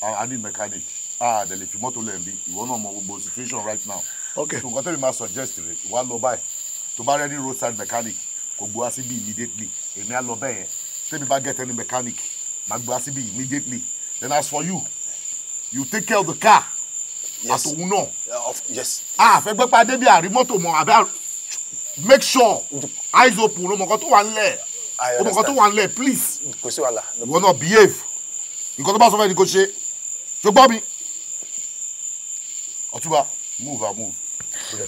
uh, i need mechanic ah dẹ̀ lè fi mọ́tò lẹ́ẹ̀mí ìwọ náà mọ gbogbo situation right now. okay so nǹkan tẹ́lẹ̀ máa suggest rẹ̀ wá lọ báyìí tó bá rẹ́ ní roadside mechanic kò gbowá síbí immediately èmi á lọ bẹ́ẹ̀ yẹn tẹ́mi bá get any mechanic máa gbowá síbí immediately then as for you you take care of the car yes. àtòun náà uh, yes. a fẹ́ gbẹ́ pa débi àrí mọ́tò mọ́ àbẹ́ make sure eyes open ọmọ kan tó wà nílẹ̀ ọmọ kan tó wà nílẹ̀ please kò sí wàhálà ìwọ náà behave nǹkan tó bá sọ fẹ́ ni kò ṣe ṣùgbọ́n mi ọtúbà move ah move. Okay.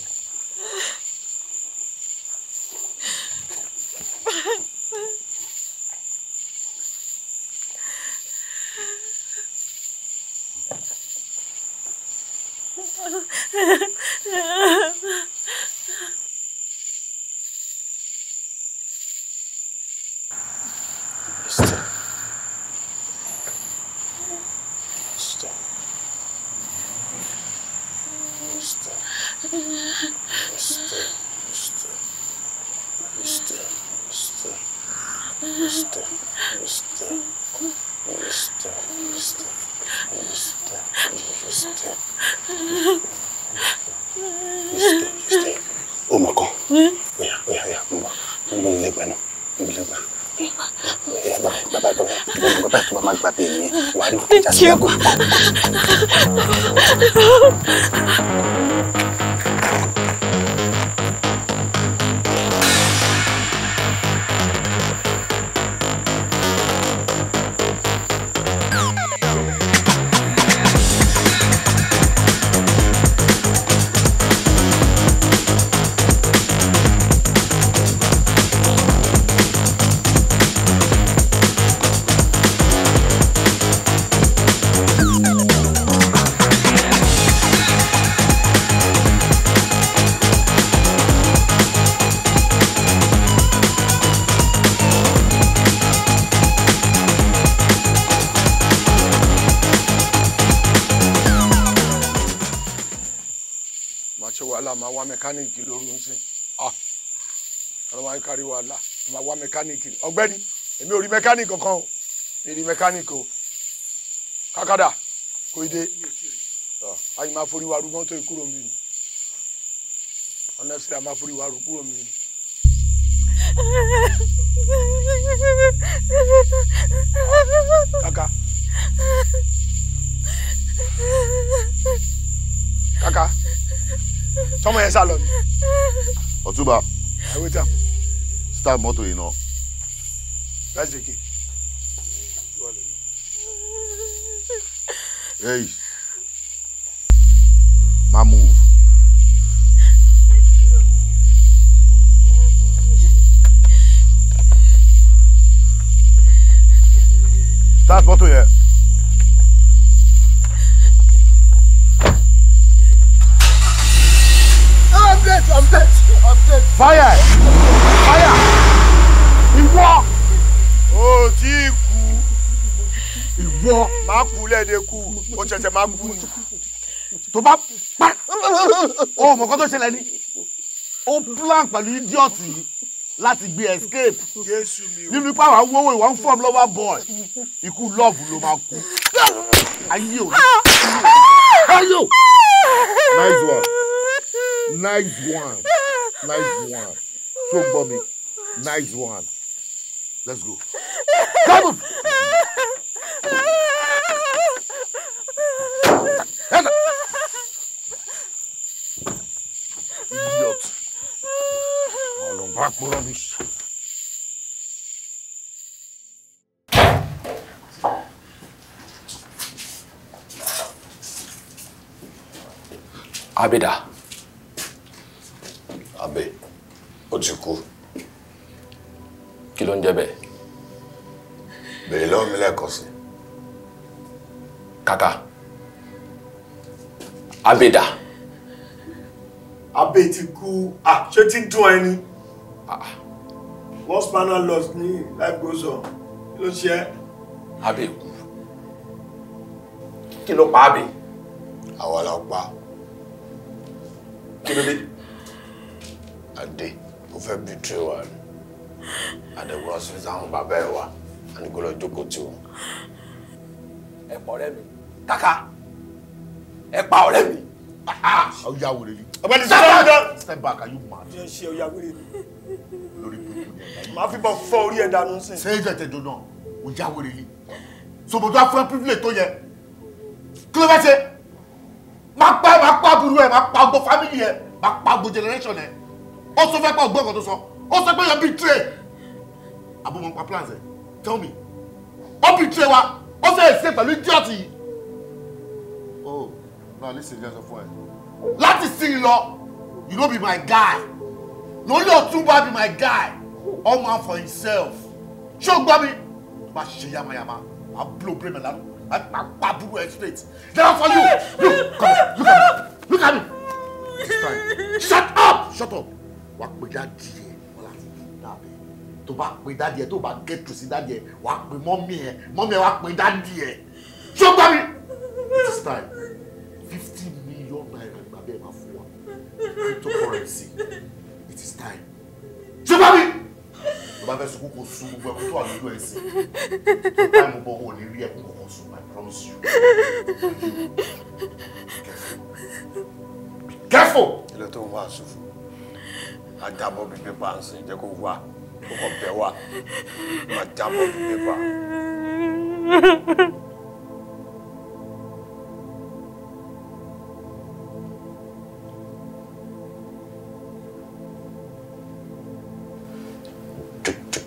结果。mẹkáníìkì kankan o èdè mẹkáníìkì o kákàdà kò í dé àyè máa forí wa rúgbọ́n tó yẹ ni honestly a máa forí wa rú kúrò mí ni. kàkà kàkà sọmọ yẹn sá lọ ni. ọ̀túnba. ẹ wí tà. start mọ́tò yìí náà. Raziki. Hey. Ma move. Start moto yẹn. I'm dead, I'm dead, I'm dead. Fire! Fire! Ìwọ! o tí ì kú. ìwọ. má kú lẹ́ẹ̀dẹ̀ kú o ṣẹ̀ṣẹ̀ má kú ni. tó bá pa o mọ̀ kó tó ṣẹlẹ̀ ni ó plan pẹ̀lú idiot yìí láti gbé escape nínú ipá wa wọ́wọ́ ìwà ń fọ́ọ̀mù lọ́wọ́ boy ikú love ló máa kú ayé o ayé o. nice one nice one nice one So, gbọ́ mi nice one. Let's go. Vamos! Anda! Idiota! Oğlum bak bicho Abida. Abi, o de kí ló ń jẹ́ bẹ́ẹ̀. bèrè lọ́wọ́ mi lẹ́ẹ̀kan sí. kàkà abeda. abe ti kú ṣé tí ń dún ẹni. wọ́n spanner loss ní life goes on kí ló ṣe é. abe kú kí ló pa abe. àwa la pa. kí ló dé. adé ó fẹ́ bìtúrẹ́ wa ni àdẹ̀wò ọ̀sìfìsì àwọn bàbá ẹ̀ wà àníkó lọ jókòó tí wọn. ẹ pa ọ̀rẹ́ mi kàkà ẹ pa ọ̀rẹ́ mi. ọ̀ya wèrè ni. ọ̀gbẹ́ni sọ́kà step back are you mad. ṣé ṣe ọ̀ya wèrè ni. lórí burúkú ni ẹ̀dá yìí. màá fi bọ́ fọ́ orí ẹ̀ dànù sí. ṣé ìjọ ìtẹ̀jọ náà ọ̀ya wèrè ni. sòbòtò afẹ́ pípìlẹ̀ tó yẹ kí ló bá ṣe máa pa máa pa burú ẹ máa pa gbọ́ family ẹ máa pa gbọ́ generation ẹ ó sọ fẹ́ pa ọgbọ́n kan tó sọ ó sọ pé yẹn bí tray àbọ̀mọ̀ pa plans ẹ̀ tell me ó bì tirẹ̀ wa ó fẹ́ ṣe pẹ̀lú idiot yìí. oh na lis ten jẹ́sọ fún ẹ. láti sin lọ you no be my guy lórí ọ̀túnba be my guy all man for himself ṣé o gbọ́ mi bá ṣe yamayama i blow brain my lanu i pa pa buru ẹ straight never for you You come look at me look at me shut up shut up wàá pè já di ẹ tó bá pe dáàdì ẹ tó bá gẹ̀tù sí dáàdì ẹ wà á pe mọ́mí ẹ mọ́mí ẹ wà á pe dáàdì ẹ ṣó gbá mi. it time fifty million naira ni bàbá ẹ máa fún wa cryptocurrency it is time ṣó gbá mi. tó bá fẹ́ sunkún kò sun gbogbo ẹkún tó wà lójú ẹ tó táì mú bọ́ ò ní rí ẹkún kò sun I promise you. Be careful. ilé tó ń wá aṣọ fún ajábọ̀ bíbí pa àǹsìn jẹ́ kó wá ọkọ̀ bẹ̀ wá máa dábọ̀ fún pépà.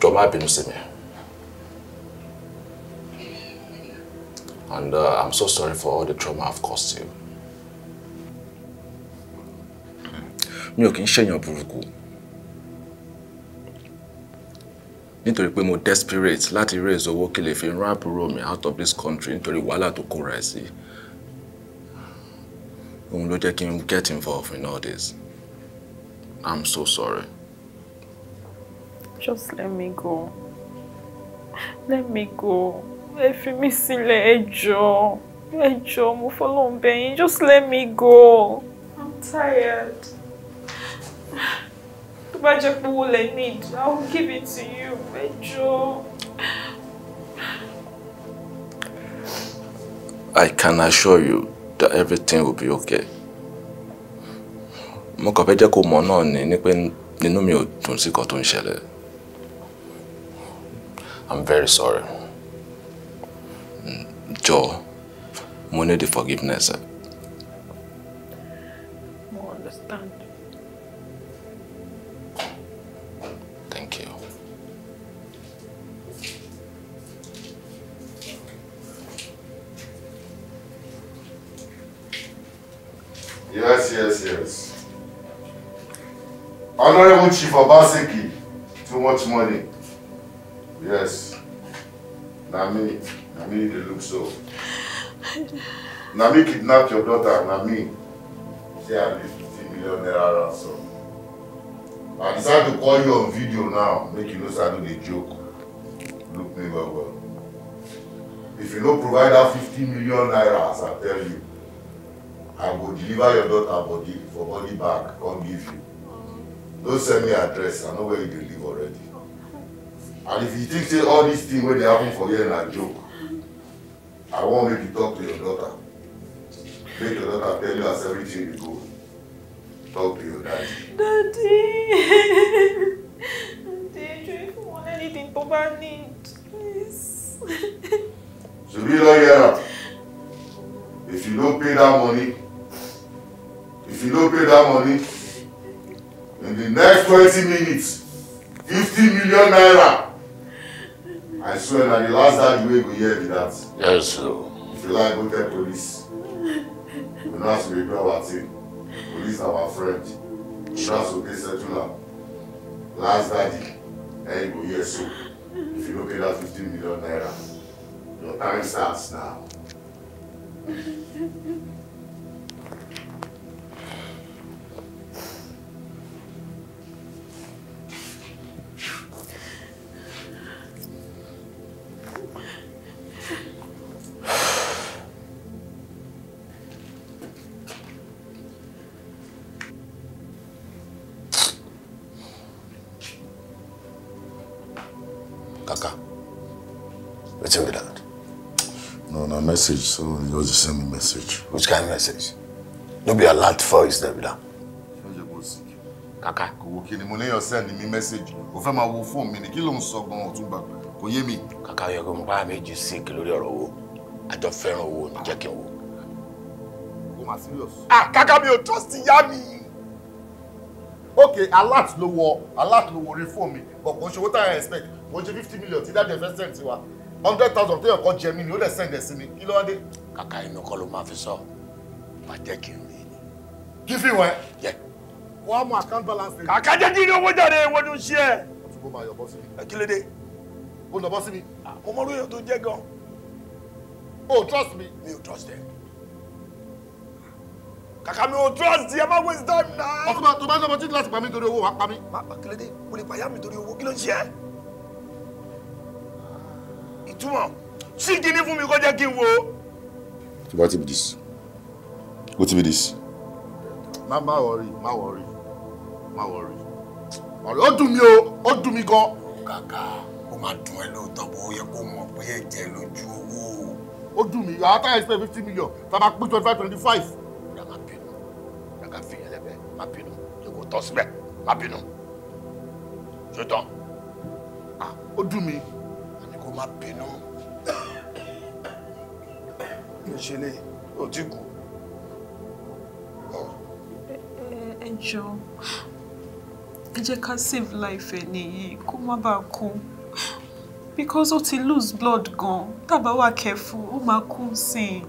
jọ̀ọ́ má bínú sí and uh, I'm so sorry for all the trauma I've caused you. mi ò kì í ṣèyàn burúkú. nítorí pé mo desperate láti raise owó kí lè fi rán àbúrò me out of this country nítorí wàhálà tó kóra ẹ̀ sí òun ló jẹ́ kí n get involved in all this I'm so sorry. Just let me go let me go ẹ fi mí sílẹ̀ ẹ jọ̀ọ́ ẹ jọ̀ọ́ mo fọlọ́n bẹ̀yìn just let me go I'm tired bá jẹ́ pé owó lẹ need I will give it to you ẹ I can assure you that everything will be okay. Mo kàn fẹ́ jẹ́ kó mọ̀ náà ni ni pé nínú mi ò dùn sí kan tó ń ṣẹlẹ̀. I'm very sorry. Jọ̀ọ́, mo need the forgiveness. Eh? yes, yes. Honorable Chief Obaseki, too much money. Yes. Na me, they look so. Na kidnapped your daughter, na me. Say I leave 50 million naira So, I decided to call you on video now, make you know say I no dey joke. Look me well well. If you don't provide that 50 million naira, as I tell you, I go deliver your daughter body for body bag come give you don send me address I know where you dey live already and if you think say all this thing wey dey happen for here na joke I wan make you talk to your daughter make your daughter tell you as everything dey go talk to your daddy. Daddy, daddy, do you want anything tó bá please. swear na the last time you go hear be that. yes sir. if you like go tell police we no have to dey do our thing police are our friend we no have to pay settle am last daddy na eh, you go hear so if you don't pay that 15 million naira your time starts now. message, so it was the same message. Which kind of message? No be alert for is there, brother. Kaka. Kò wò kí ni mo léyàn send me message. Kò fẹ́ máa wo fóònù mi ni kí ló ń sọ gan-an ọ̀tún gbàgbà. Kò yé mi. Kàkà yẹ kó mo bá méjì sick lórí ọ̀rọ̀ owó. Àjọ fẹ́ràn owó ni jẹ́ kí n wò. Kò máa serious. Ah kàkà mi ò trust ìyá mi okay alert ló wọ alert ló wọ orí fóònù mi but kò ń ṣe owó tá à ń expect kò ń ṣe fifty million tí dájú ẹ fẹ́ send sí wa hundred thousand téèyàn kan jẹ mí ni ó dẹ̀ sẹ́ǹdẹ̀ sí mi kí ló wá dé. kàkà inú kọ́ ló máa fi sọ wà jẹ́ kí n rí i ni. kí fi wọ́n ẹ. jẹ. wọ́n á mọ account balance. kàkà jẹ́ kí ni owó jáde wọ́n tún ṣí ẹ. o tún kó máa yọ bọ́ sí mi. kí ló dé. o nà bọ́ sí mi. Ah, mo mọ orí tó jẹ́ gan. o trust me. mi ò trust ẹ. kàkà mi ò trust ẹ má waste time náà. ọtúbà tó bá ń sọ ọmọ títí láti pa mí torí owó wàá pa mí. má kí ló dé mo lè pàyà mi torí owó kí ló ń ṣe é túmọ̀ sí kíní fún mi kó jẹ́ kí n wo. tí wọ́n ti bí dis ó ti bí dis. má má wọrí má wọrí má wọrí ọ̀rẹ́ ó dùn mí o ó dùn mí gan. kàkà ó máa dùn ẹ́ lóòótọ́ bó yẹ kó mọ̀ pé ẹ̀jẹ̀ lójú owó. ó dùn mí àwọn táyà ìsìlẹ̀ fifty million tá a bá pín twenty five twenty five. ìyá máa bínú ìyá ká fi yẹn lẹ́bẹ̀ẹ́ máa bínú kò tọ́ síbẹ̀ má bínú ṣe tán. Ah, ó dùn mí kó má bínú ìṣẹ̀lẹ̀ ò tí kú. ẹ jọ ẹ jẹ́ ká save life ẹ̀ nìyí kó má bàa kú because ó ti lose blood gan tábà wà kẹfù ó máa kú sìn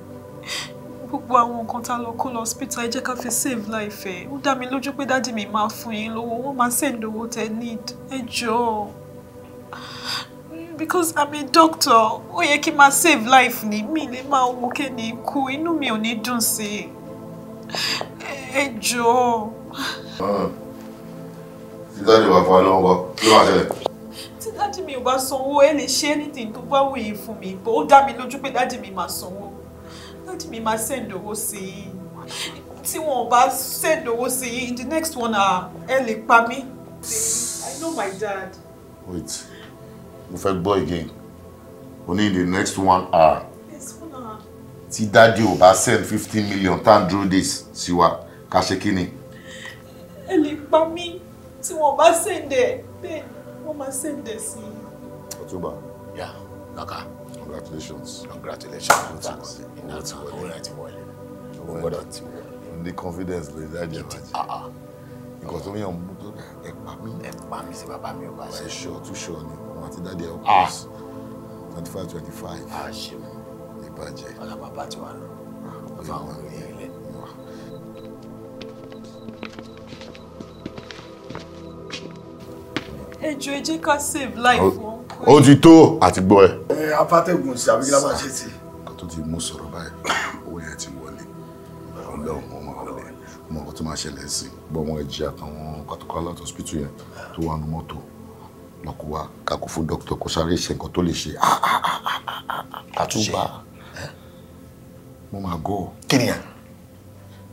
gbogbo àwọn nǹkan tá a lọ kó lọ hospital ẹ jẹ́ ká fi save life ẹ̀ ó dá mi lójú pé dádì mi máa fún yín lówó wọ́n máa send owó tẹ́ need ẹ jọ̀ọ́ because i'm a doctor ó yẹ kí n máa save life ni mi lè máa wo kéde ikú inú mi ò ní dùn sí i ẹ jọ̀ọ́. títà ni fún wa kí ló wà ṣẹlẹ̀. mi ò bá sanwó ẹ lè ṣe anything tó bá wù yín fún mi bó dá mi lójú pé dájú mi máa sanwó dájú mi máa send owó sí i tí wọn ò bá send owó sí i in the next one hour ẹ lè pa mí. i know my dad. wait mo fẹ́ gbọ́ again o ní the next one hour tí dáàdi ò bá send fifteen million tan dúró days sí wa ká ṣe kí ni. ẹ lè pa mí tí wọn bá send ẹ bẹ́ẹ̀ wọn máa send ẹ sí. ọtúbà. ya naka. congratulations. congratulations. thanks iná tí wọlé ti wọlé. o gbọ́dọ̀ ti wọlé. o ní confidence lórí dáàdi ẹ bàjẹ́. nǹkan tó yàn mú tó ẹ pa mí. ẹ eh, pa mí sí bàbá mi ò bá ṣe. ẹ ṣọ́ tún ṣọ́ ni àwọn àti dáàdi ẹ̀ ọ̀pọ̀s ah. twenty five twenty five. a ah, ṣe mọ ìbàjẹ́ alábàbà tí wàá lọ ah, bàbá àwọn ọmọ yẹn lẹ. ẹjọ ẹjẹ ká save life wọn. ó ti tó àti gbọ́ ẹ. ẹ afátẹ́gùn sí abigilá máa ṣe ti. a tún ti mú sọ̀rọ̀ báyìí owó yẹn ti wọlé ọlọ́run ọmọ ọlẹ́ ọmọ ọkọ tó máa ṣẹlẹ̀ sí gbọ́mọ ẹ̀jẹ̀ àtàwọn kàtàkọ́ aláàtọ̀ hospital yẹn tó wà nù mọ́tò lọ́kọ̀ wa kakò fún dókítà kó sáré ṣe nǹkan tó lè ṣe ah, ah, ah, àtúbà eh? mo máa gọ. kíniya.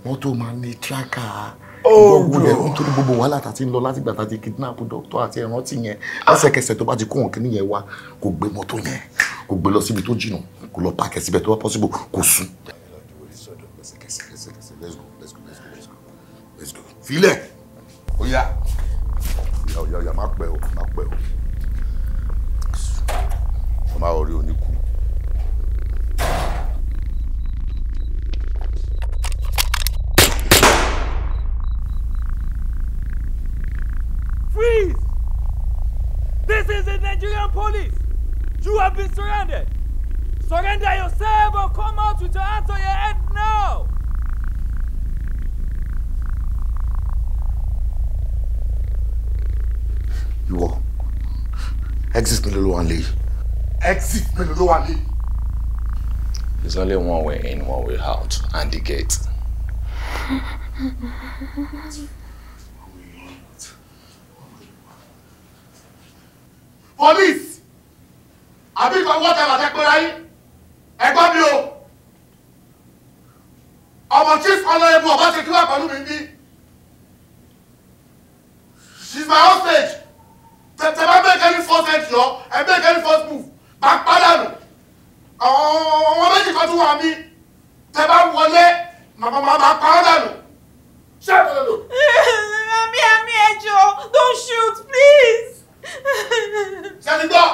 wọ́n tó máa ní tíráka gbọ́gbọ́lẹ̀ oh, nítorí gbogbo wàhálà tá a ti ń lọ láti gbà tá a ti kidnap dókítà àti ẹ̀rántí yẹn lẹ́sẹ̀kẹsẹ̀ tó bá ti kó wọn kíní yẹn wá kó gbé mọ́tò yẹn kó gbé lọ síbi tó jìnnà kó lọ páàkì síbẹ̀ tó bá possible kó sùn. filẹ̀ ó yá. ọ̀yà yà má pẹ́ o má pẹ́ o ọmọ àwọn orí òní Freeze! This is the Nigerian police! You have been surrounded! Surrender yourself or come out with your hands on your head now! ìwọ exit mélòó ló wà nílé exit mélòó ló wà nílé There's only one way in, one way out, and the gate. Police! Àbí ìfọ̀ wọ́tẹ̀lá tẹ pé ráyé. Ẹ̀gbọ́n mi o. Ọmọ Chief Ọlọ́yẹ̀bù ọba ṣe kí wà pẹ̀lú mi bí. She's my hostage tẹ̀tẹ̀ bá bẹ́ẹ̀ kẹ́ni first entry lọ ẹ bẹ́ẹ̀ kẹ́ni first move bá pàdánù àwọn méjì kan tún wà mí tẹ bá wọlé màmá màmá pàdánù ṣé ẹ lọ lò. mami ami ẹjọ don't shoot please. sẹ́ni gbọ́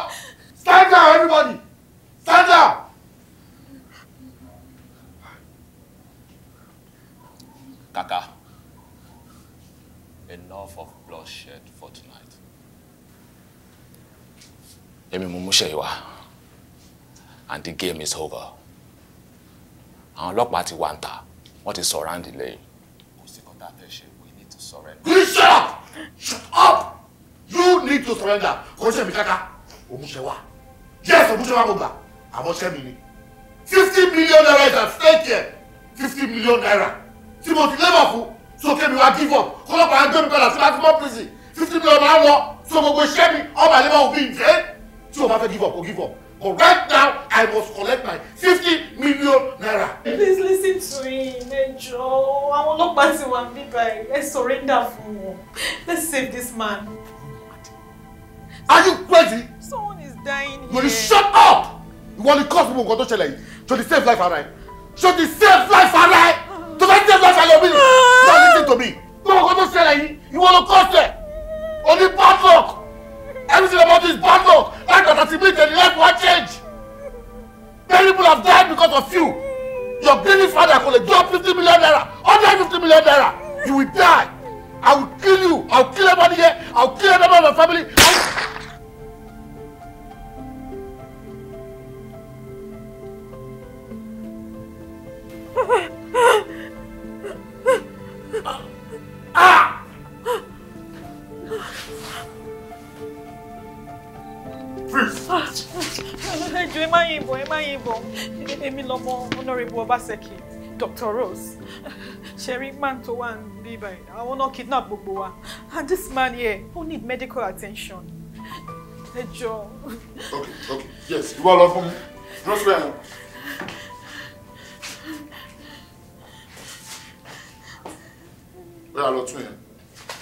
stand down everybody stand down. Kaka, enough of bloodshed for tonight èmi mú múṣẹ́ ìwà and the game is over àwọn ọlọ́pàá ti wà ń ta wọ́n ti surround lẹ́yìn. kò sí kan tá ṣe we need to surrender. You shut up shut up you need to surrender kò ṣe mi kàkà òmùṣẹ́ yes òmùṣẹ́ wa kò gbà àmọ́ ṣẹ́ mi ni fifty million naira is at stake here fifty million naira tí mo ti lébà fún so kémi wá give up kọ́lọ́pàá gbé mi padà sí maximum prison fifty million naira lọ so gbogbo iṣẹ́ mi ọba àlebà òbí ǹjẹ́ tí o bá fẹ́ give up o give up but right now I must collect my fifty million naira. please listen to me, ẹjọ àwọn ọlọ́pàá ti wà níbà ẹ Let's surrender for wọn let's save this man. are you crazy. someone is dying here. will you shut up ìwọ ni cause gbogbo nǹkan tó ṣẹlẹ̀ yìí ṣo ti save life ara ẹ ṣo ti save life ara ẹ tó fẹ́ save life ara ẹ obìnrin náà listen to me gbogbo nǹkan to ṣẹlẹ̀ yìí ìwọ ni cause ẹ o bad luck everything about this bad luck bad compatibility and life one change many people have died because of you your baby father go dey drop fifty million naira 150 million naira you will die i will kill you i will kill everybody here i will kill everybody in my family. Ah! please. ẹ jọ̀ọ́ ẹ má yìnbọn ẹ má yìnbọn èmi lọmọ honourable Obaseki Dr. Rose sherry man tó wà níbí báyìí àwọn náà kidnap gbogbo wa and this man here who need medical attention ẹ jọ̀ọ́. okay okay yes ìwọ lọ fún mi dúró síbẹ̀ náà. Where are the twin?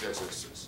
Yes, yes, yes.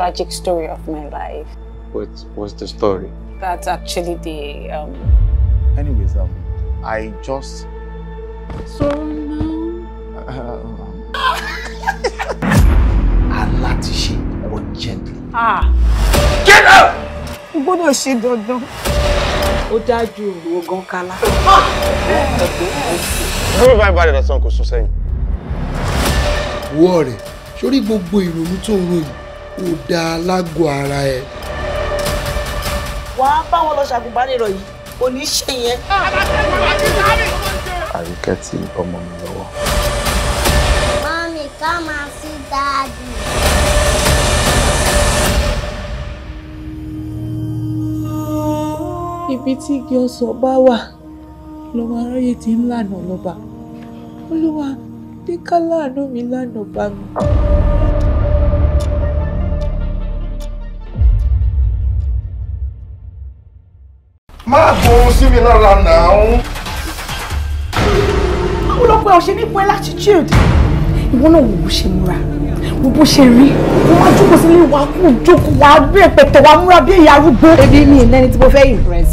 tragic story of my life. What was the story? That's actually the. Um... Anyways, um, I just. So now. Um... Alatishi urgently. Ah. Get up! O gbọ́dọ̀ ṣe dandan. Ó dájú ìwò gan kálá. Ẹ̀rọ bá ń bá rẹ̀ lọ́sàn Worry. sún sẹ́yìn. boy sórí gbogbo ìrònú tó ń ó dáa lágọ̀ọ́ ara ẹ̀. wàá bá wọn lọ ṣàgùnbánirọ̀ yìí kò ní í ṣe yẹn. àríkẹ́ ti ọmọ mi lọ́wọ́. mọ́mí ká máa sí dáàdì. ibi tí igi ọsàn bá wà lọ́wọ́ aráyé ti ń lànà lọ́ba olúwa dé ká láàánú mi lànà bá mi. má gbóhun sí mi lára náà. báwo ló pe ọ̀sẹ̀ nípa latitude ìwọ náà wò bó ṣe múra wò bó ṣe rí wọ́n máa jókòó sílé wa kú jókòó wa bí ẹ̀pẹ̀tẹ̀ wa múra bí ìyá arúgbó. ebi mi ìnáni tí mo fẹ́ impress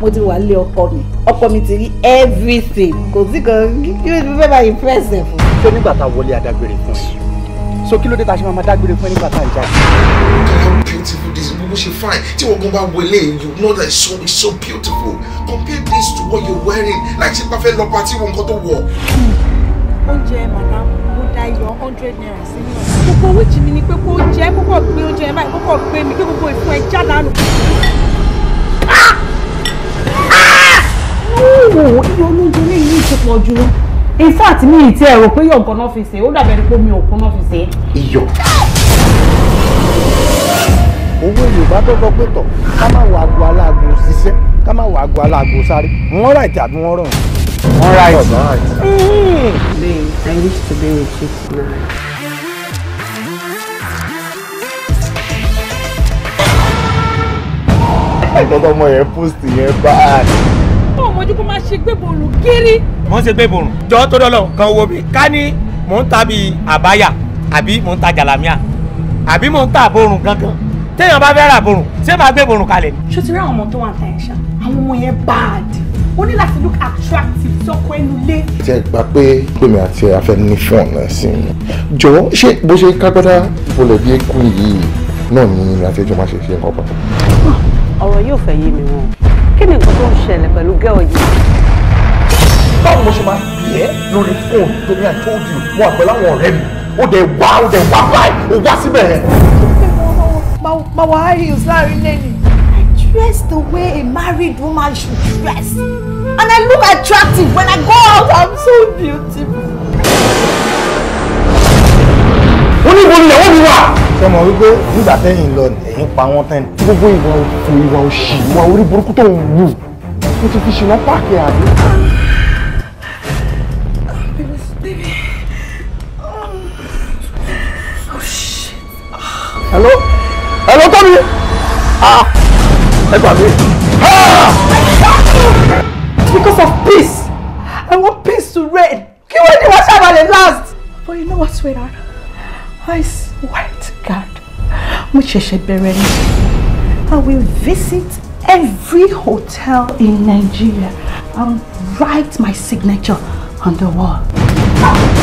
mo ti wà lé ọkọ mi ọkọ mi ti rí everything kò sí kan kí ló ti fẹ́ máa impress ẹ̀ fún. ṣé nígbà tá a wọlé adágbére fún ẹ so kí ló dé tá a ṣe máa máa dágbére fún ẹ nígbà tá a ń jáde bó ṣe fine tí wọ́n gan bá wọlé you know that it's so it's so beautiful compare this to what you're wearing like ṣe bá fẹ́ lọ party wọn nǹkan tó wọ̀. oúnjẹ màmá mo da iyọ̀ hundred naira sí mi. gbogbo owó jì mí ni pé kó jẹ́ kókò gbé oúnjẹ ẹ̀ báyìí kókò gbé mi kí gbogbo ìfún ẹ̀ já lánàá. wò ó iye olóúnjẹ lè ní ìṣepọ̀ jù lọ. in fact mi ì tí ẹ rò pé yọ̀ǹkan náà fi ṣe é ó dàbẹ̀ pé mi ò kún náà fi ṣe é. iyọ̀ owó yorùbá tó sọ pé tọ̀ ká má wo àgọ́ aláàgọ́ ṣiṣẹ́ ká má wo àgọ́ aláàgọ́ sáré wọ́n ráìtì àbí wọ́n rọrùn. wọ́n ráìtì. Babe, I wish to be with you tonight. àìkọ́kọ́ ọmọ yẹn post yẹn báàd. ó mọ̀jú kó máa ṣe gbẹ́bọ̀rùn kiri. mo ń ṣe gbẹ́bọ̀rùn. jọ tó dọ́lọ̀ kan wo mi ká ní mò ń ta bíi àbáyà àbí mò ń ta jàlámíà àbí mò ń ta àbórùn gangan téèyàn bá fẹ́ ra borùn ṣé máa gbé borùn kalẹ̀ ni. ṣó ti rí àwọn ọmọ tó wà ní àyíṣà àwọn ọmọ yẹn bad ó ní láti look attractive sọ́kọ ẹnu lé. ṣe gbà pé pèmí àti afẹ́ ní fọ́ọ̀n náà sí i jọ̀wọ́ ṣé bó ṣe kágbádá bọ̀lẹ̀ bí eégún yìí náà ni àti ẹjọ́ máa ṣe ṣe nǹkan pàtó. ọ̀rọ̀ yóò fẹ́ yé mi wọn kí ni nǹkan tó ń ṣẹlẹ̀ pẹ̀lú gẹ́ọ̀ yìí. báwo ló ṣe máa bí ẹ lórí fóònù tó ní I told you mo àgbẹ̀ láwọn ọ̀rẹ́ mi ó dẹ̀ wá ó dẹ̀ wá báyìí My wife is not in any. I dress the way a married woman should dress and I look attractive when I go out I'm so beautiful. oníbo ni ìyàwó mi wà. ṣé mo wí pé ten tẹ́yìn lọ ẹ̀yìn pa wọ́n tán. gbogbo ìwà òfin ìwà òṣì ìwà orí burúkú tó ń wù ó ti fi ṣìnà páàkì àbí. Oh, oh, Hello? ẹ lọ Ah, mi ẹ gbà mí. Ah! because of peace I want peace to reign kí wọ́n ní wọ́n ṣàbà lè last. but you know what sweetheart I swear to God mo ṣẹ̀ṣẹ̀ bẹ̀rẹ̀ ni I will visit every hotel in Nigeria and write my signature on the wall. Ah!